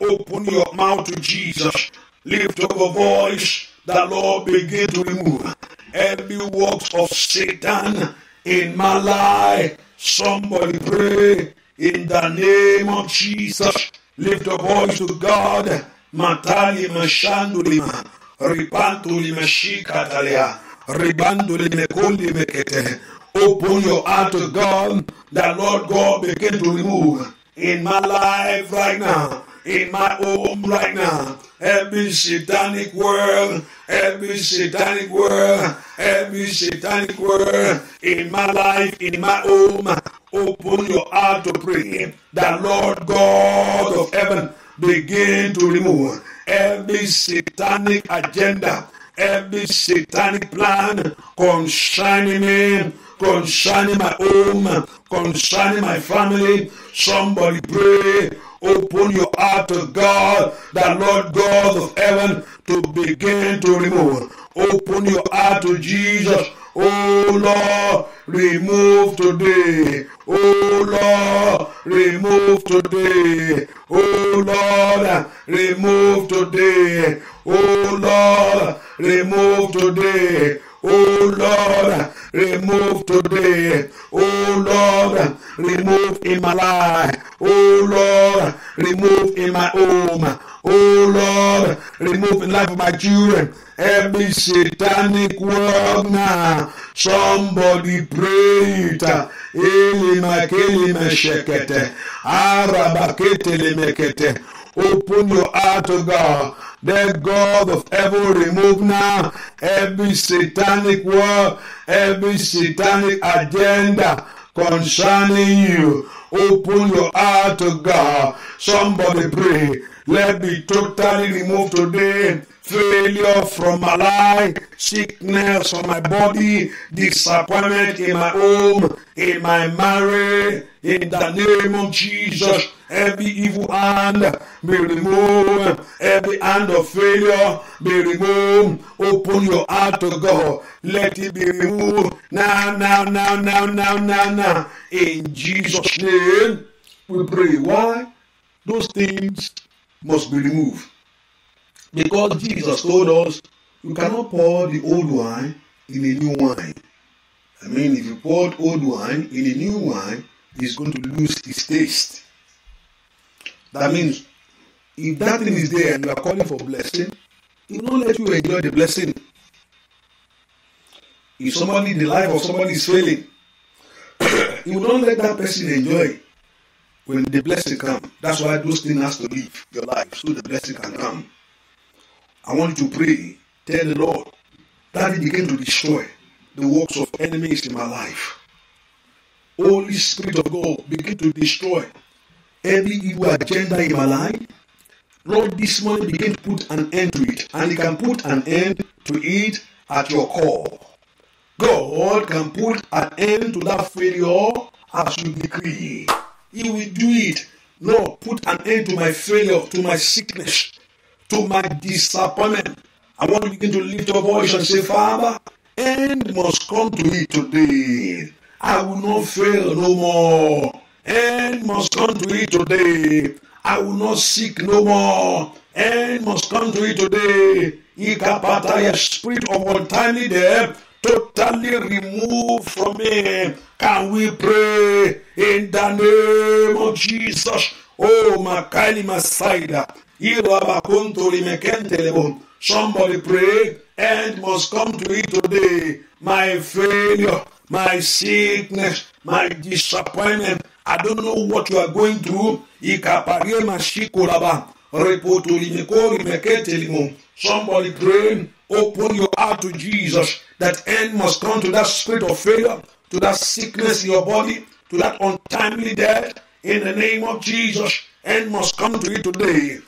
Speaker 1: Open your mouth to Jesus. Lift up a voice. The Lord begin to remove every works of Satan in my life. Somebody pray in the name of Jesus. Lift a voice to God matali mashandu lima ripantu limeshika talia ribandu limekuli mekete open your heart to God that Lord God begin to remove in my life right now in my home right now. Every satanic world, every satanic world, every satanic world in my life, in my home. Open your heart to pray. The Lord God of heaven begin to remove every satanic agenda, every satanic plan concerning me, concerning my home, concerning my family. Somebody pray. Open your heart to God, the Lord God of heaven, to begin to remove. Open your heart to Jesus Oh Lord, remove today. Oh Lord, remove today. Oh Lord, remove today. Oh Lord, remove today. Oh Lord, remove today. Oh Lord, remove in my life. Oh Lord, remove in my home. Oh Lord, remove in life of my children. every satanic word now. Somebody pray it. Elima kelima shekete. Arabakete lemekete. Open your heart to God. Let God of heaven remove now every satanic word, every satanic agenda concerning you. Open your heart to God. Somebody pray. Let be totally removed today failure from my life, sickness on my body, disappointment in my home, in my marriage, in the name of Jesus. Every evil hand be removed. Every hand of failure be removed. Open your heart to God. Let it be removed now, now, now, now, now, now, now. In Jesus' name, we pray. Why? Those things must be removed. Because Jesus told us, you cannot pour the old wine in a new wine. I mean, if you pour old wine in a new wine, it's going to lose its taste. That means if that thing is there and you are calling for blessing, it won't let you enjoy the blessing. If somebody, the life of somebody is failing, you don't let that person enjoy when the blessing comes. That's why those things has to leave your life so the blessing can come. I want you to pray. Tell the Lord that He began to destroy the works of enemies in my life. Holy Spirit of God, begin to destroy every evil agenda in my life. Lord, this morning begin to put an end to it, and He can put an end to it at your call. God can put an end to that failure as you decree. He will do it. Lord, put an end to my failure, to my sickness, to my disappointment. I want to begin to lift your voice and say, Father, end must come to me today. I will not fail no more. End must come to me today. I will not seek no more. End must come to me today. Ikapataya spirit of untimely death totally removed from me. Can we pray in the name of Jesus? Oh, makalima saida, irabakuntu limekentelebo. Somebody pray and must come to it today. My failure, my sickness, my disappointment. I don't know what you are going through. Ikaparie mashikuraba. Repoto limeko limeketelimo. Somebody pray. Open your heart to Jesus. That end must come to that spirit of failure, to that sickness in your body, to that untimely death. in the name of Jesus and must come to you today.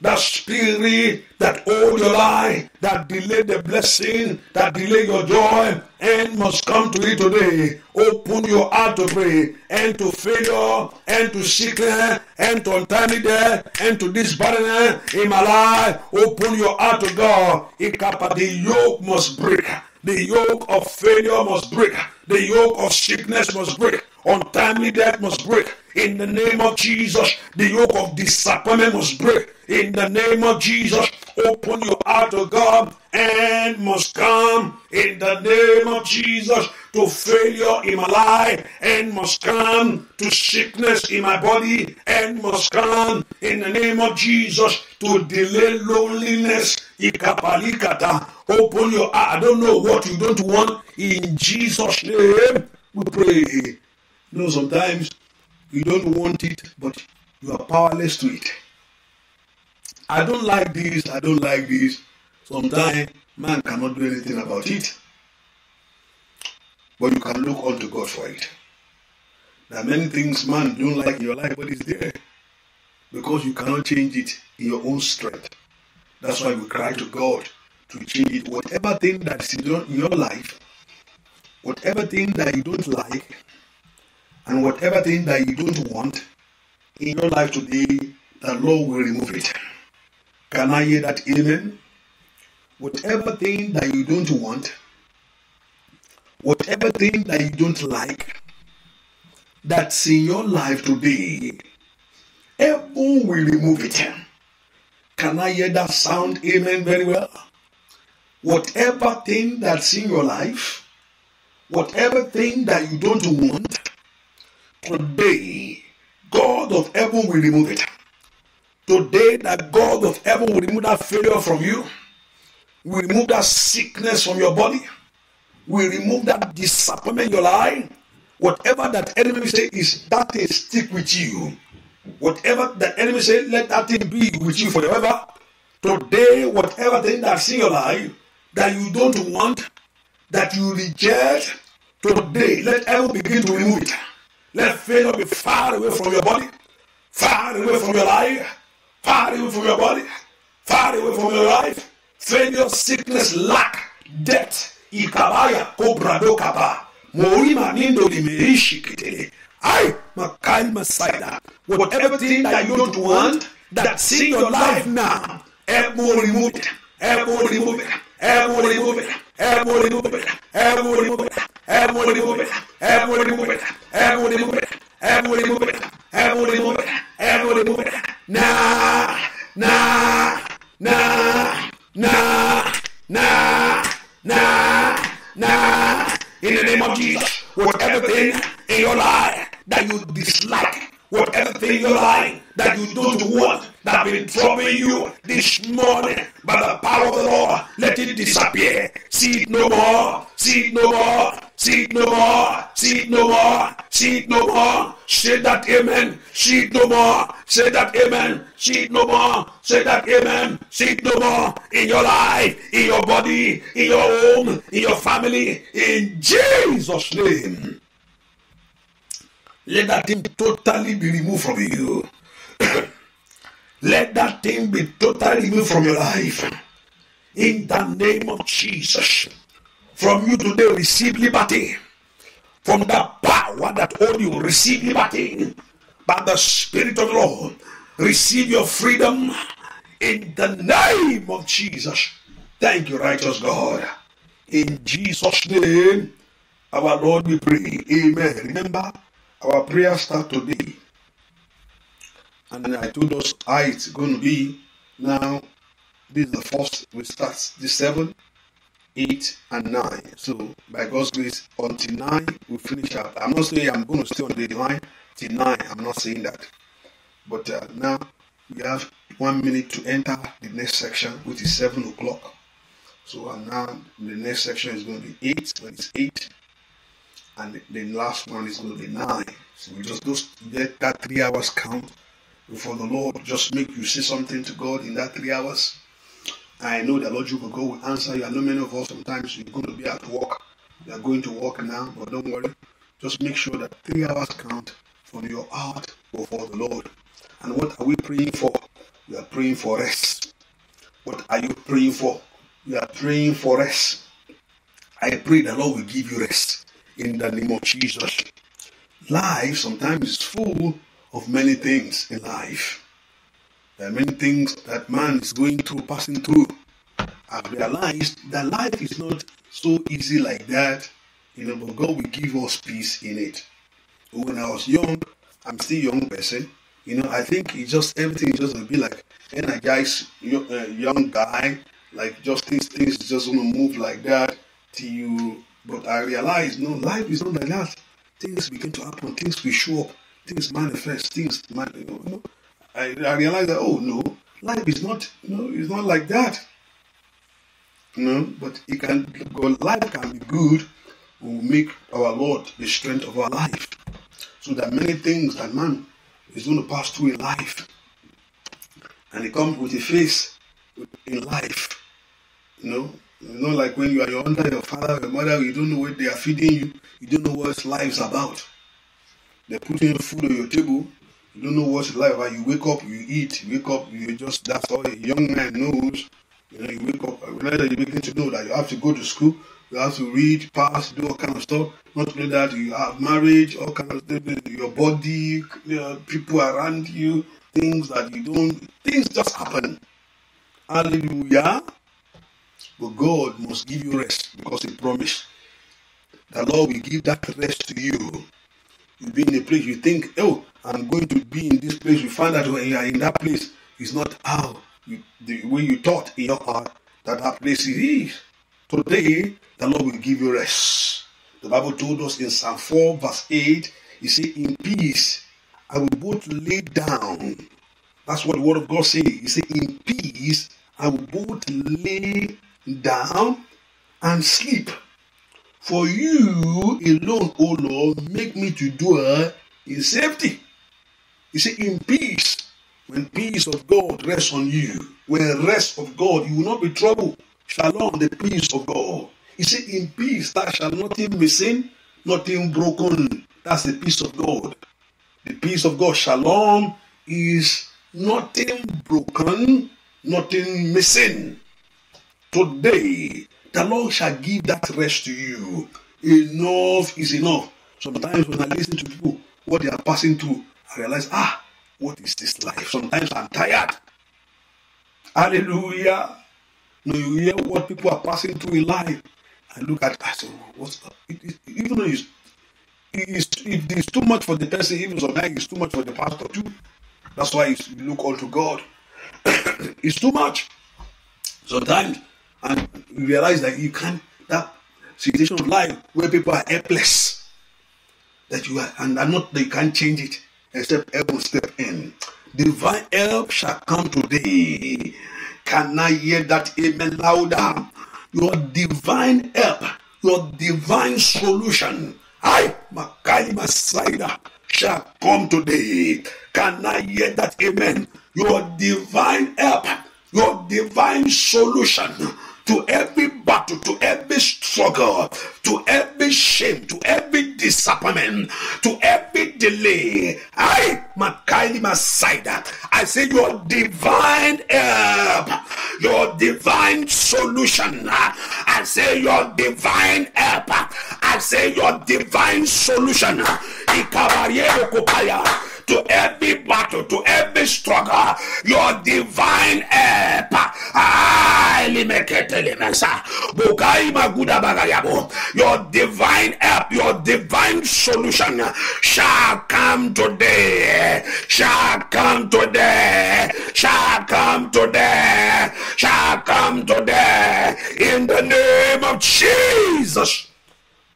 Speaker 1: That spirit that hold your life, that delay the blessing, that delay your joy, and must come to you today. Open your heart to pray, and to failure, and to sickness, and to untimely death, and to this burden in my life. Open your heart to God. The yoke must break. The yoke of failure must break. The yoke of sickness must break. Untimely death must break. In the name of Jesus, the yoke of disappointment must break. In the name of Jesus, open your heart to God and must come. In the name of Jesus, to failure in my life and must come. To sickness in my body and must come. In the name of Jesus, to delay loneliness. Ikapalikata. Open your heart. I don't know what you don't want. In Jesus' name, we pray. You know, sometimes you don't want it, but you are powerless to it. I don't like this, I don't like this. Sometimes man cannot do anything about it. But you can look unto God for it. There are many things man don't like in your life, but it's there. Because you cannot change it in your own strength. That's why we cry to God to change it. Whatever thing that is in your life, whatever thing that you don't like, and whatever thing that you don't want in your life today, the Lord will remove it. Can I hear that amen? Whatever thing that you don't want, whatever thing that you don't like, that's in your life today, heaven will remove it. Can I hear that sound? Amen. Very well. Whatever thing that's in your life, whatever thing that you don't want, Today, God of heaven will remove it. Today, that God of heaven will remove that failure from you, will remove that sickness from your body, will remove that disappointment in your life. Whatever that enemy say is that thing stick with you. Whatever that enemy say, let that thing be with you forever. Today, whatever thing that's in your life that you don't want, that you reject, today let heaven
Speaker 2: begin to remove it. Let failure be far away from your body, far away from your
Speaker 1: life, far away from your body, far away from your life. Failure, sickness, lack, death. Ikabaya kobrado kaba. Morima nindo limeishi kitele. I, Makai Masaida. Whatever thing that you don't want, that's in your life now, Ebo remove it. Ebo remove it. Ebo remove it. Ebo remove it. Ebo remove it. Ebo remove it. Ebo remove it. Everybody move it. Everybody move it. Everybody move it. Everybody move it. Nah, nah, nah, nah,
Speaker 2: nah, nah, nah. In the name of Jesus, whatever thing in your life that you dislike Whatever thing you like that you don't want that been troubling you this morning by the power of the Lord, let it
Speaker 1: disappear. See it no more. See it no more. See it no more. See it no more. See it no more. Say that amen. See it no more. Say that amen. See it no more. Say that amen. See it no more in your life, in your body, in your home, in your family. In Jesus' name. Let that thing totally be removed from you. Let that thing be totally removed from your life. In the name of Jesus. From you today, receive liberty. From the power that holds you, receive liberty. By the Spirit of the Lord, receive your freedom in the name of Jesus. Thank you, righteous God. In Jesus' name, our Lord, we pray. Amen. Remember, Our prayer start today. And I told us how it's going to be. Now, this is the first we start the seven, eight, and nine. So, by God's grace, until nine, we finish up. I'm not saying I'm going to stay on the line till nine. I'm not saying that. But uh, now, we have one minute to enter the next section, which is seven o'clock. So, and now the next section is going to be eight. When it's eight, and the last one is going to be nine. So we just those let that three hours count before the Lord. Just make you say something to God in that three hours. I know that Lord Jehovah God will answer you. I know many of us sometimes you're going to be at work. You are going to work now, but don't worry. Just make sure that three hours count from your heart before the Lord. And what are we praying for? We are praying for rest. What are you praying for? We are praying for rest. I pray the Lord will give you rest in the name of Jesus. Life sometimes is full of many things in life. There are many things that man is going through, passing through. I've realized that life is not so easy like that, you know, but God will give us peace in it. When I was young, I'm still a young person, you know, I think it just everything just will be like energized uh, young, guy, like just things things just wanna move like that till you but I realized, no, life is not like that. Things begin to happen, things will show up, things manifest, things. Man, you know, I, I realized that, oh, no, life is not, you no, know, it's not like that. You know, but it can, God, life can be good will make our Lord the strength of our life. So that many things that man is going to pass through in life. And it comes with a face in life. You know, you know, like when you are under your father or mother, you don't know what they are feeding you, you don't know what life's about. They're putting food on your table, you don't know what's life about. You wake up, you eat, you wake up, you just that's all a young man knows. You know, you wake up whenever you begin to know that you have to go to school, you have to read, pass, do all kind of stuff. Not only that, you have marriage, all kind of stuff, your body, you know, people around you, things that you don't things just happen. Hallelujah. But God must give you rest because He promised. The Lord will give that rest to you. You'll be in a place you think, oh, I'm going to be in this place. You find out when you are in that place, it's not how you, the way you thought in your heart that that place is. Today, the Lord will give you rest. The Bible told us in Psalm 4, verse 8, He said, In peace I will both lay down. That's what the Word of God says. He said, In peace I will both lay down and sleep. For you alone, O Lord, make me to dwell in safety. You see, in peace, when peace of God rests on you, when rest of God, you will not be troubled. Shalom, the peace of God. You see, in peace, thou shall nothing missing, nothing broken. That's the peace of God. The peace of God, shalom, is nothing broken, nothing missing. Today, the Lord shall give that rest to you. Enough is enough. Sometimes when I listen to people, what they are passing through, I realize, ah, what is this life? Sometimes I'm tired. Hallelujah. When you hear what people are passing through in life. I look at, I say, oh, what's even though it's, it's, it's too much for the person, even sometimes it's too much for the pastor too. That's why you look all to God. it's too much. Sometimes and you realize that you can't that situation of life where people are helpless that you are and are not they can't change it except help will step in divine help shall come today can i hear that amen louder your divine help your divine solution i makai masaida shall come today can i hear that amen your divine help your divine solution to every battle, to every struggle, to every shame, to every disappointment, to every delay. I, Makaili Masaida, I say your divine help, your divine solution. I say your divine help. I say your divine solution to every battle, to every struggle. Your divine help. Ah, your divine help, your divine solution shall come today, shall come today, shall come today, shall come today in the name of Jesus.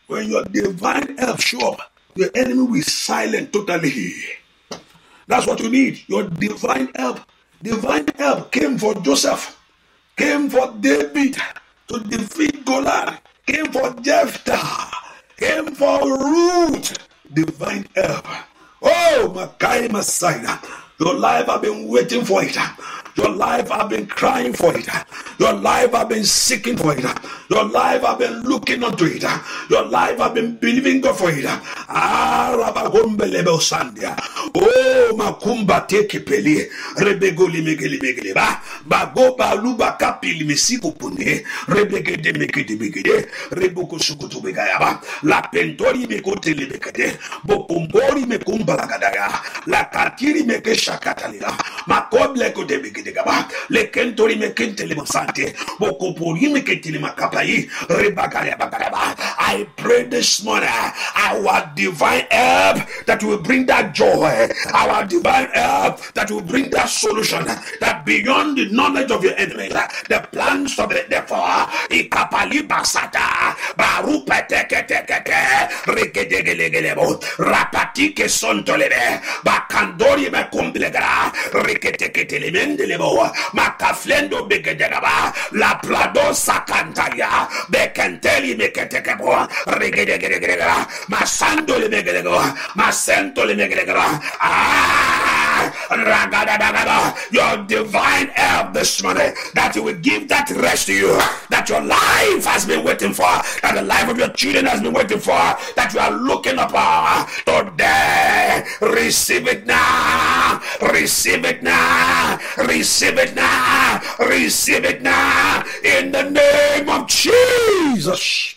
Speaker 1: When your divine help show up, the enemy will silent totally. That's what you need. Your divine help. Divine help came for Joseph, came for David to defeat Goliath, came for Jephthah, came for Ruth. Divine help. Oh, Makai Messiah. Your life have been waiting for it. Your life have been crying for it. Your life have been seeking for it. Your life have been looking unto it. Your life have been believing God for it. Ah, oh, makumba teke pele rebegoli megeli megeli ba bagoba luba kapili misiku pune rebegede megede megede rebuko sukutu megaya ba la pentori mekote lebekede bokumbori mekumba kadaya la katiri mekesha shakatalila makoble kodebigidegaba lekentori I pray this morning our divine help that will bring that joy our divine help that will bring that solution that beyond the knowledge of your enemy the plans of the devil ikapali basata bakandori legra rikete ketele mendele bo makaflendo begedegaba la plado sakantaria bekenteli meketekebo rigedegedegedegera masando le megedegera masento le megedegera ah your divine help this morning that you will give that rest to you that your life has been waiting for, that the life of your children has been waiting for, that you are looking upon today. Receive it now. Receive it now. Receive it now. Receive it now. In the name of Jesus.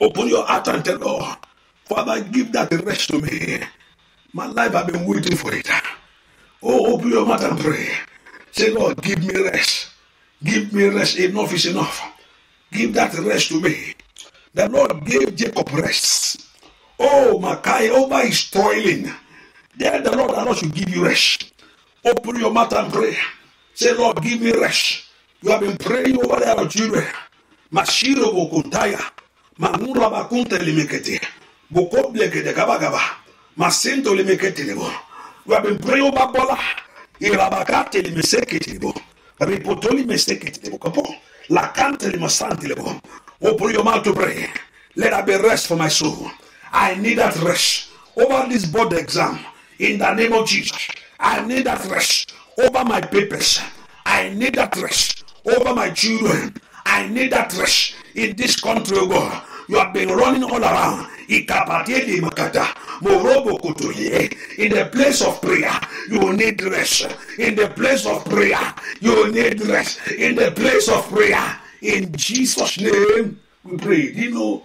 Speaker 1: Open your heart and tell God, Father, give that rest to me. My life, I've been waiting for it. Oh, open your mouth and pray. Say, Lord, give me rest. Give me rest. Enough is enough. Give that rest to me. The Lord gave Jacob rest. Oh, Makai, over oh, is toiling. Then the Lord, the Lord should give you rest. Open your mouth and pray. Say, Lord, give me rest. You have been praying over there, children. Mashiro bokuntaya. Manura bakunte limekete. Bokoblekete kabagaba masindo lemeketelebo babempreo babola irabakate lemeseketelebo ripoto lemeseketelebo kapo lakante lemasantelebo oprio mato pray let there be rest for my soul i need that rest over this board exam in the name of jesus i need that rest over my papers i need that rest over my children i need that rest in this country oh god you have been running all around In the place of prayer, you will need rest. In the place of prayer, you will need rest. In the place of prayer, in Jesus' name, we pray. you know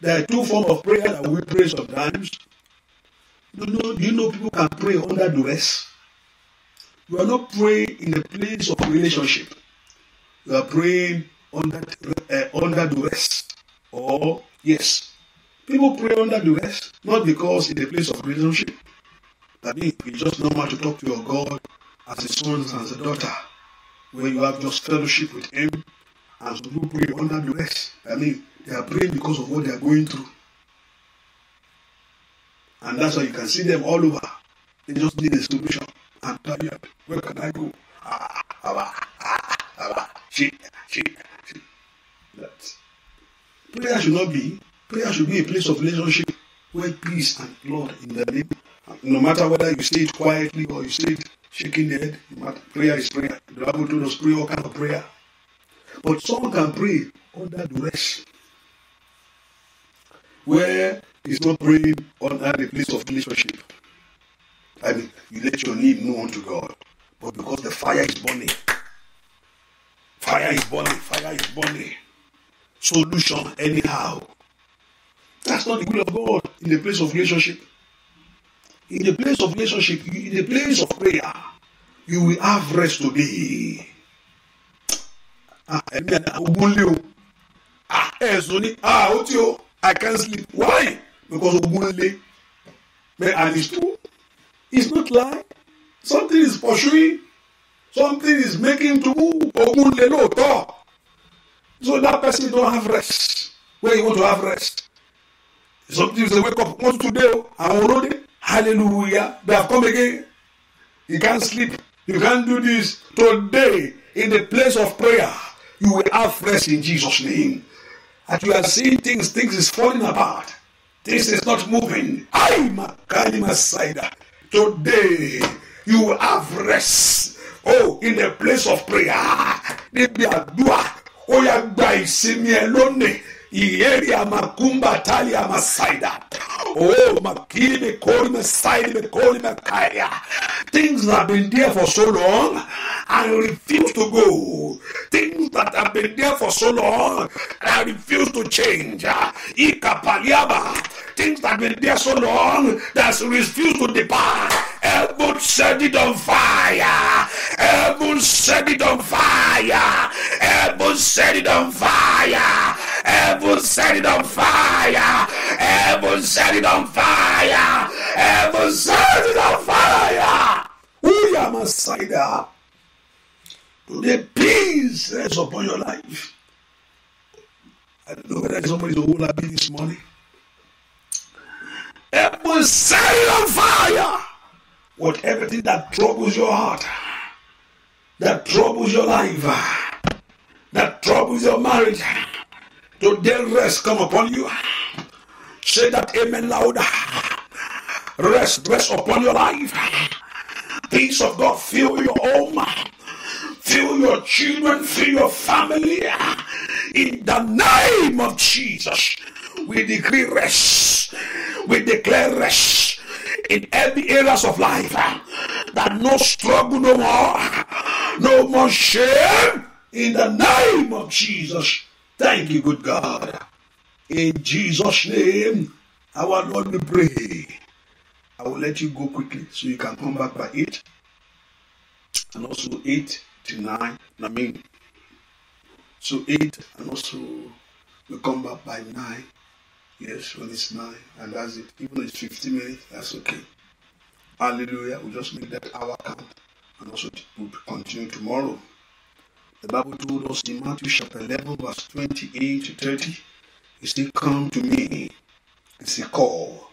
Speaker 1: there are two forms of prayer that we pray sometimes? Do you know, do you know people can pray under duress? You are not praying in the place of relationship. You are praying under uh, under duress. Or yes, People pray under duress, not because it's a place of relationship. I means it's just normal to talk to your God as a son and as a daughter. When you have just fellowship with Him, and so, people pray under duress. I mean, they are praying because of what they are going through. And that's why you can see them all over. They just need a solution. I'm tired. Where can I go? Ah, ah, ah, ah, ah. She, ah, ah, she, she. That. Prayer should not be Prayer should be a place of relationship where peace and Lord in the name. No matter whether you say it quietly or you say it shaking the head, prayer is prayer. The Bible told us pray all kind of prayer. But some can pray under duress. Where is not praying under the place of relationship. I mean, you let your need known to God. But because the fire is burning, fire is burning, fire is burning. Solution anyhow. That's not the will of God in the place of relationship. In the place of relationship, in the place of prayer, you will have rest today. Ah, ẹ̀mí ogun lé o. Ah, Ẹ̀sùn ni ah, ó ti o. I can't sleep. Why? Because ogun lé. And it's true. It's not lie. Something is pursuing. Something is making to move. Ogun lé So that person don't have rest. Where you want to have rest sometimes they wake up once today o àwọn olóde hallelujah they have come again you can't sleep you can't do this today in the place of prayer you will have rest in Jesus name as you are seeing things things is falling apart things is not moving ayi makani masaida today you will have rest oh in the place of prayer níbi àdúrà ó yá gba ìsinmi ẹ lónìí. ieri tali oh things that have been there for so long I refuse to go things that have been there for so long I refuse to change ikapaliaba things that have been there so long that's I refuse to depart heaven set it on fire heaven set it on fire heaven set it on fire É você não falha! É você
Speaker 2: não falha! É você não falha!
Speaker 1: Uia, The peace hands upon your life. I don't know whether somebody's who will be this morning. It will set on fire with everything that troubles your heart, that troubles your life, that troubles your marriage. Today rest come upon you. Say that amen louder. Rest, rest upon your life. Peace of God, fill your home, fill your children, fill your family. In the name of Jesus, we decree rest. We declare rest in every areas of life. That no struggle no more, no more shame. In the name of Jesus. Thank you, good God. In Jesus' name, our Lord, we pray. I will let you go quickly so you can come back by 8 and also 8 to 9. I mean, so 8 and also we come back by 9. Yes, when it's 9, and that's it. Even if it's fifty minutes, that's okay. Hallelujah. We'll just make that hour count and also we'll continue tomorrow. The Bible told us in Matthew chapter 11, verse 28 to 30, He said, Come to me. It's a call.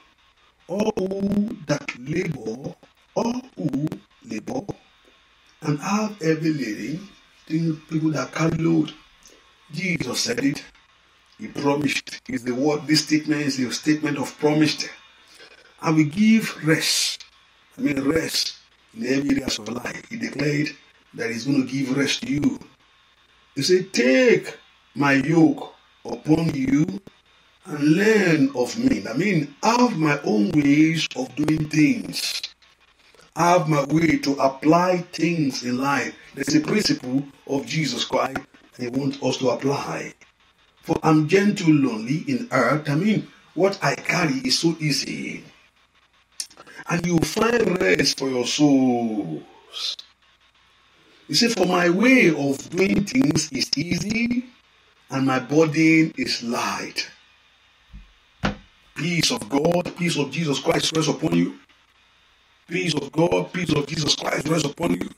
Speaker 1: All who that labor, all who labor, and have every living, people that carry load. Jesus said it. He promised. Is the word. This statement is a statement of promised. I will give rest. I mean rest in every area of life. He declared that He's going to give rest to you. He said, Take my yoke upon you and learn of me. I mean, I have my own ways of doing things. I have my way to apply things in life. There's a principle of Jesus Christ he wants us to apply. For I'm gentle, lonely in earth. I mean, what I carry is so easy. And you find rest for your souls. He said, For my way of doing things is easy and my body is light. Peace of God, peace of Jesus Christ rest upon you. Peace of God, peace of Jesus Christ rest upon you.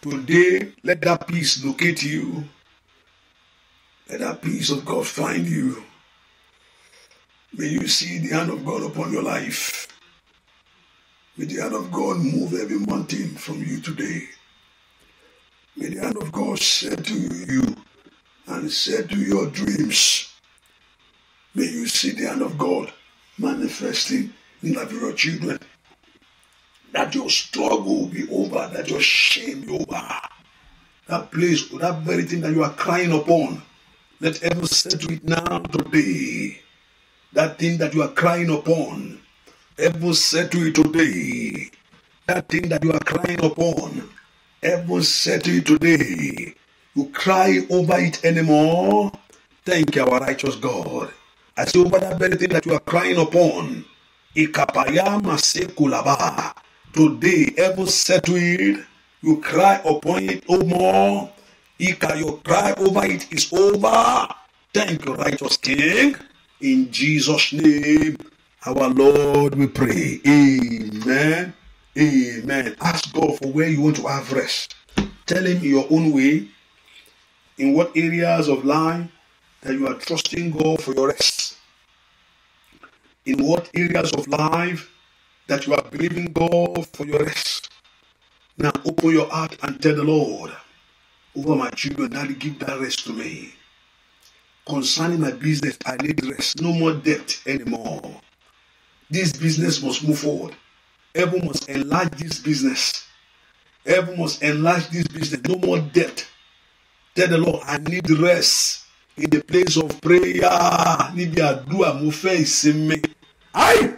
Speaker 1: Today, let that peace locate you. Let that peace of God find you. May you
Speaker 2: see the hand of God upon your life. May the hand of God move every mountain from
Speaker 1: you today. May the hand of God said to you and said to your dreams, may you see the hand of God
Speaker 2: manifesting in life of your children. That your struggle will be over,
Speaker 1: that your shame be over. That place, that very thing that you are crying upon, let heaven set to it now today. That thing that you are crying upon, heaven set to it today. That thing that you are crying upon, Ever said to you today, you cry over it anymore. Thank you, our righteous God. I say over that very thing that you are crying upon. Today, ever said to it, you cry upon it no more. Your cry over it is over. Thank you, righteous King. In Jesus' name, our Lord, we pray. Amen. Amen. Ask God for where you want to have rest. Tell Him your own way, in what areas of life that you are trusting God for your rest. In what areas of life that you are believing God for your rest. Now open your heart and tell the Lord, over my children, Daddy, give that rest to me. Concerning my business, I need rest. No more debt anymore. This business must move forward. Heaven must enlarge this business. Heaven must enlarge this business. No more debt. Tell the Lord, I need rest in the place of prayer. Níbi àdúrà mo fẹ́ ìsinmi. Ayi!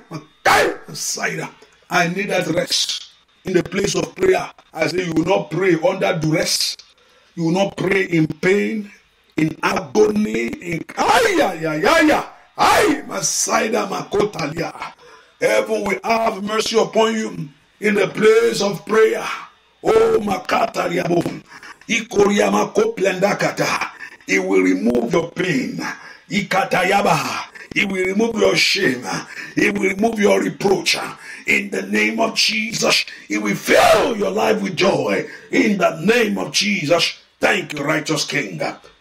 Speaker 1: Ayi! Saida, I need that rest in the place of prayer. I say you will not pray under duress. You will not pray in pain, in agony, in... Ayi! Ayi! Ayi! Ayi! Masaida Makotalia. Heaven will have mercy upon you in the place of prayer. Oh, Makata Yabu. Ikoriama Koplendakata. It will remove your pain. Ikatayaba. It will remove your shame. It will remove your reproach. In the name of Jesus, it will fill your life with joy. In the name of Jesus, thank you, righteous King.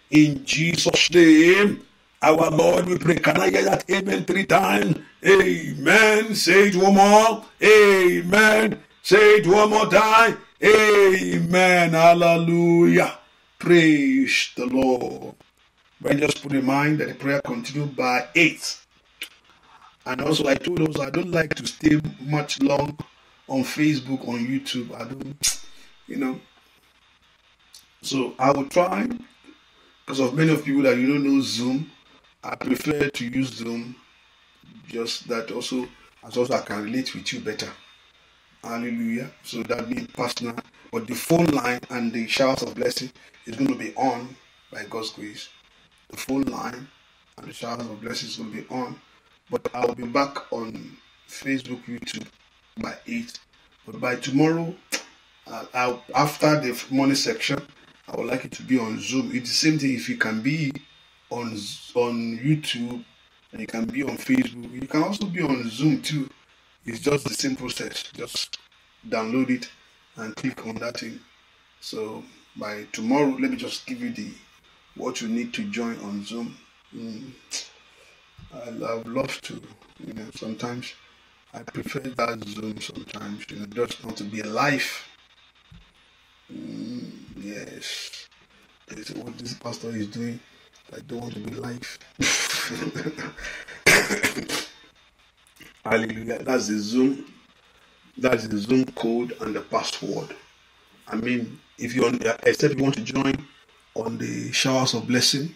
Speaker 1: In Jesus' name. Our Lord, we pray. Can I hear that amen three times? Amen. Say it one more. Amen. Say it one more time. Amen. Hallelujah. Praise the Lord. But just put in mind that the prayer continued by 8. And also, I told us I don't like to stay much long on Facebook, on YouTube. I don't, you know. So I will try, because of many of people that you don't know Zoom, I prefer to use Zoom just that also as also I can relate with you better. Hallelujah. So that means personal. But the phone line and the showers of blessing is going to be on by God's grace. The phone line and the showers of blessing is going to be on. But I'll be back on Facebook, YouTube by 8. But by tomorrow, uh, I'll, after the morning section, I would like it to be on Zoom. It's the same thing if you can be on on YouTube, you can be on Facebook. You can also be on Zoom too. It's just the same process. Just download it and click on that thing. So by tomorrow, let me just give you the what you need to join on Zoom. Mm. I love love to, you know, sometimes I prefer that Zoom sometimes, you know, just not to be alive. Mm, yes, this is what this pastor is doing like doing in life. Hallelujah. That's the Zoom. That's the Zoom code and the password. I mean, if you except you want to join on the showers of blessing,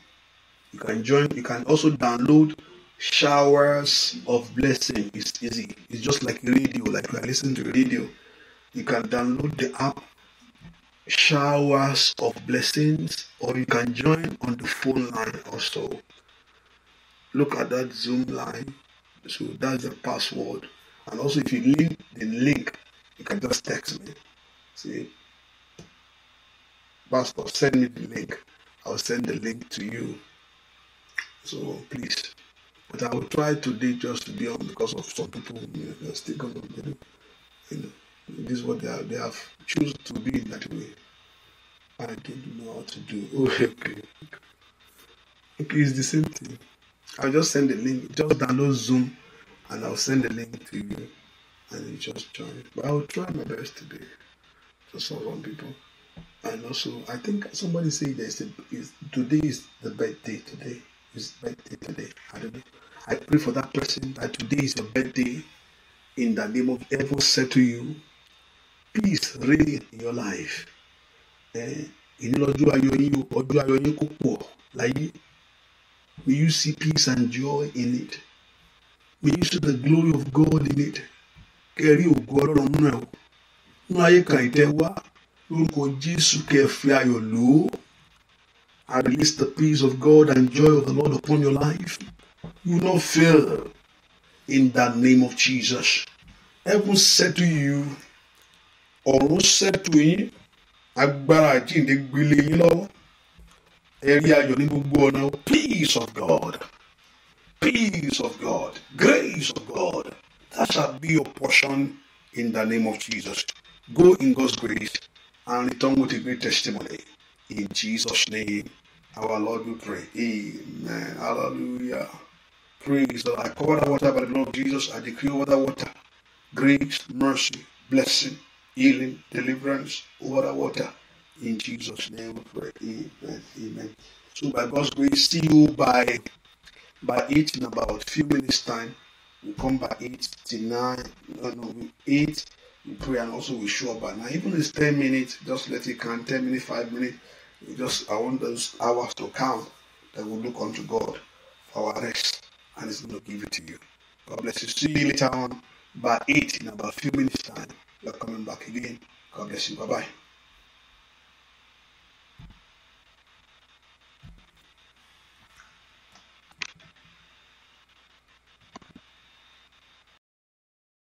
Speaker 1: you can join. You can also download showers of blessing. It's easy. It's just like radio, like you are listening to radio. You can download the app showers of blessings, or you can join on the phone line also. Look at that Zoom line. So that's the password. And also, if you link the link, you can just text me. See, Pastor, send me the link. I'll send the link to you. So please. But I will try today just to be on because of some people, you know, are still going to be, you know. This is what they have, they have chosen to be in that way. I do not know how to do. Okay, okay. Okay, it's the same thing. I'll just send the link. Just download Zoom and I'll send the link to you and you just join. But I'll try my best to be to some wrong people. And also, I think somebody said that today is the birthday today. Is birthday today. I don't know. I pray for that person that today is your birthday. In the name of say settle you peace reign in your life eh, ìní lọ́jọ́ ayọ̀ yín o ọjọ́ ayọ̀ yín kò pọ̀ láyé may you see peace and joy in it may you see the glory of God in it kẹrí ògo ọlọ́run náà o nínú ayé kan ìtẹ́wá lórúkọ Jésù kẹfì ayọ̀ lò ó I release the peace of God and joy of the Lord upon your life you will not fail in the name of Jesus heaven said to you ọ̀run ṣẹ́tù yín agbára àjíǹde gbélé yín lọ́wọ́ ẹ rí ayọ̀ ní gbogbo ọ̀nà peace of God peace of God grace of God that shall be your portion in the name of Jesus go in God's grace and return with a great testimony in Jesus' name our Lord we pray amen hallelujah praise the Lord I cover the water by the blood of Jesus I decree over the water grace mercy blessing healing, deliverance over water. In Jesus' name, pray. Amen. Amen. So, by God's grace, see you by by eight in about a few minutes time. We come by eight till nine. No, no, eight. We pray and also we show up by Even if it's ten minutes, just let it count. Ten minutes, five minutes. We just I want those hours to count that we look unto God for our rest, and He's going to give it to you. God bless you. See you later on by eight in about a few minutes time. You're coming back again. God bless you. Bye bye.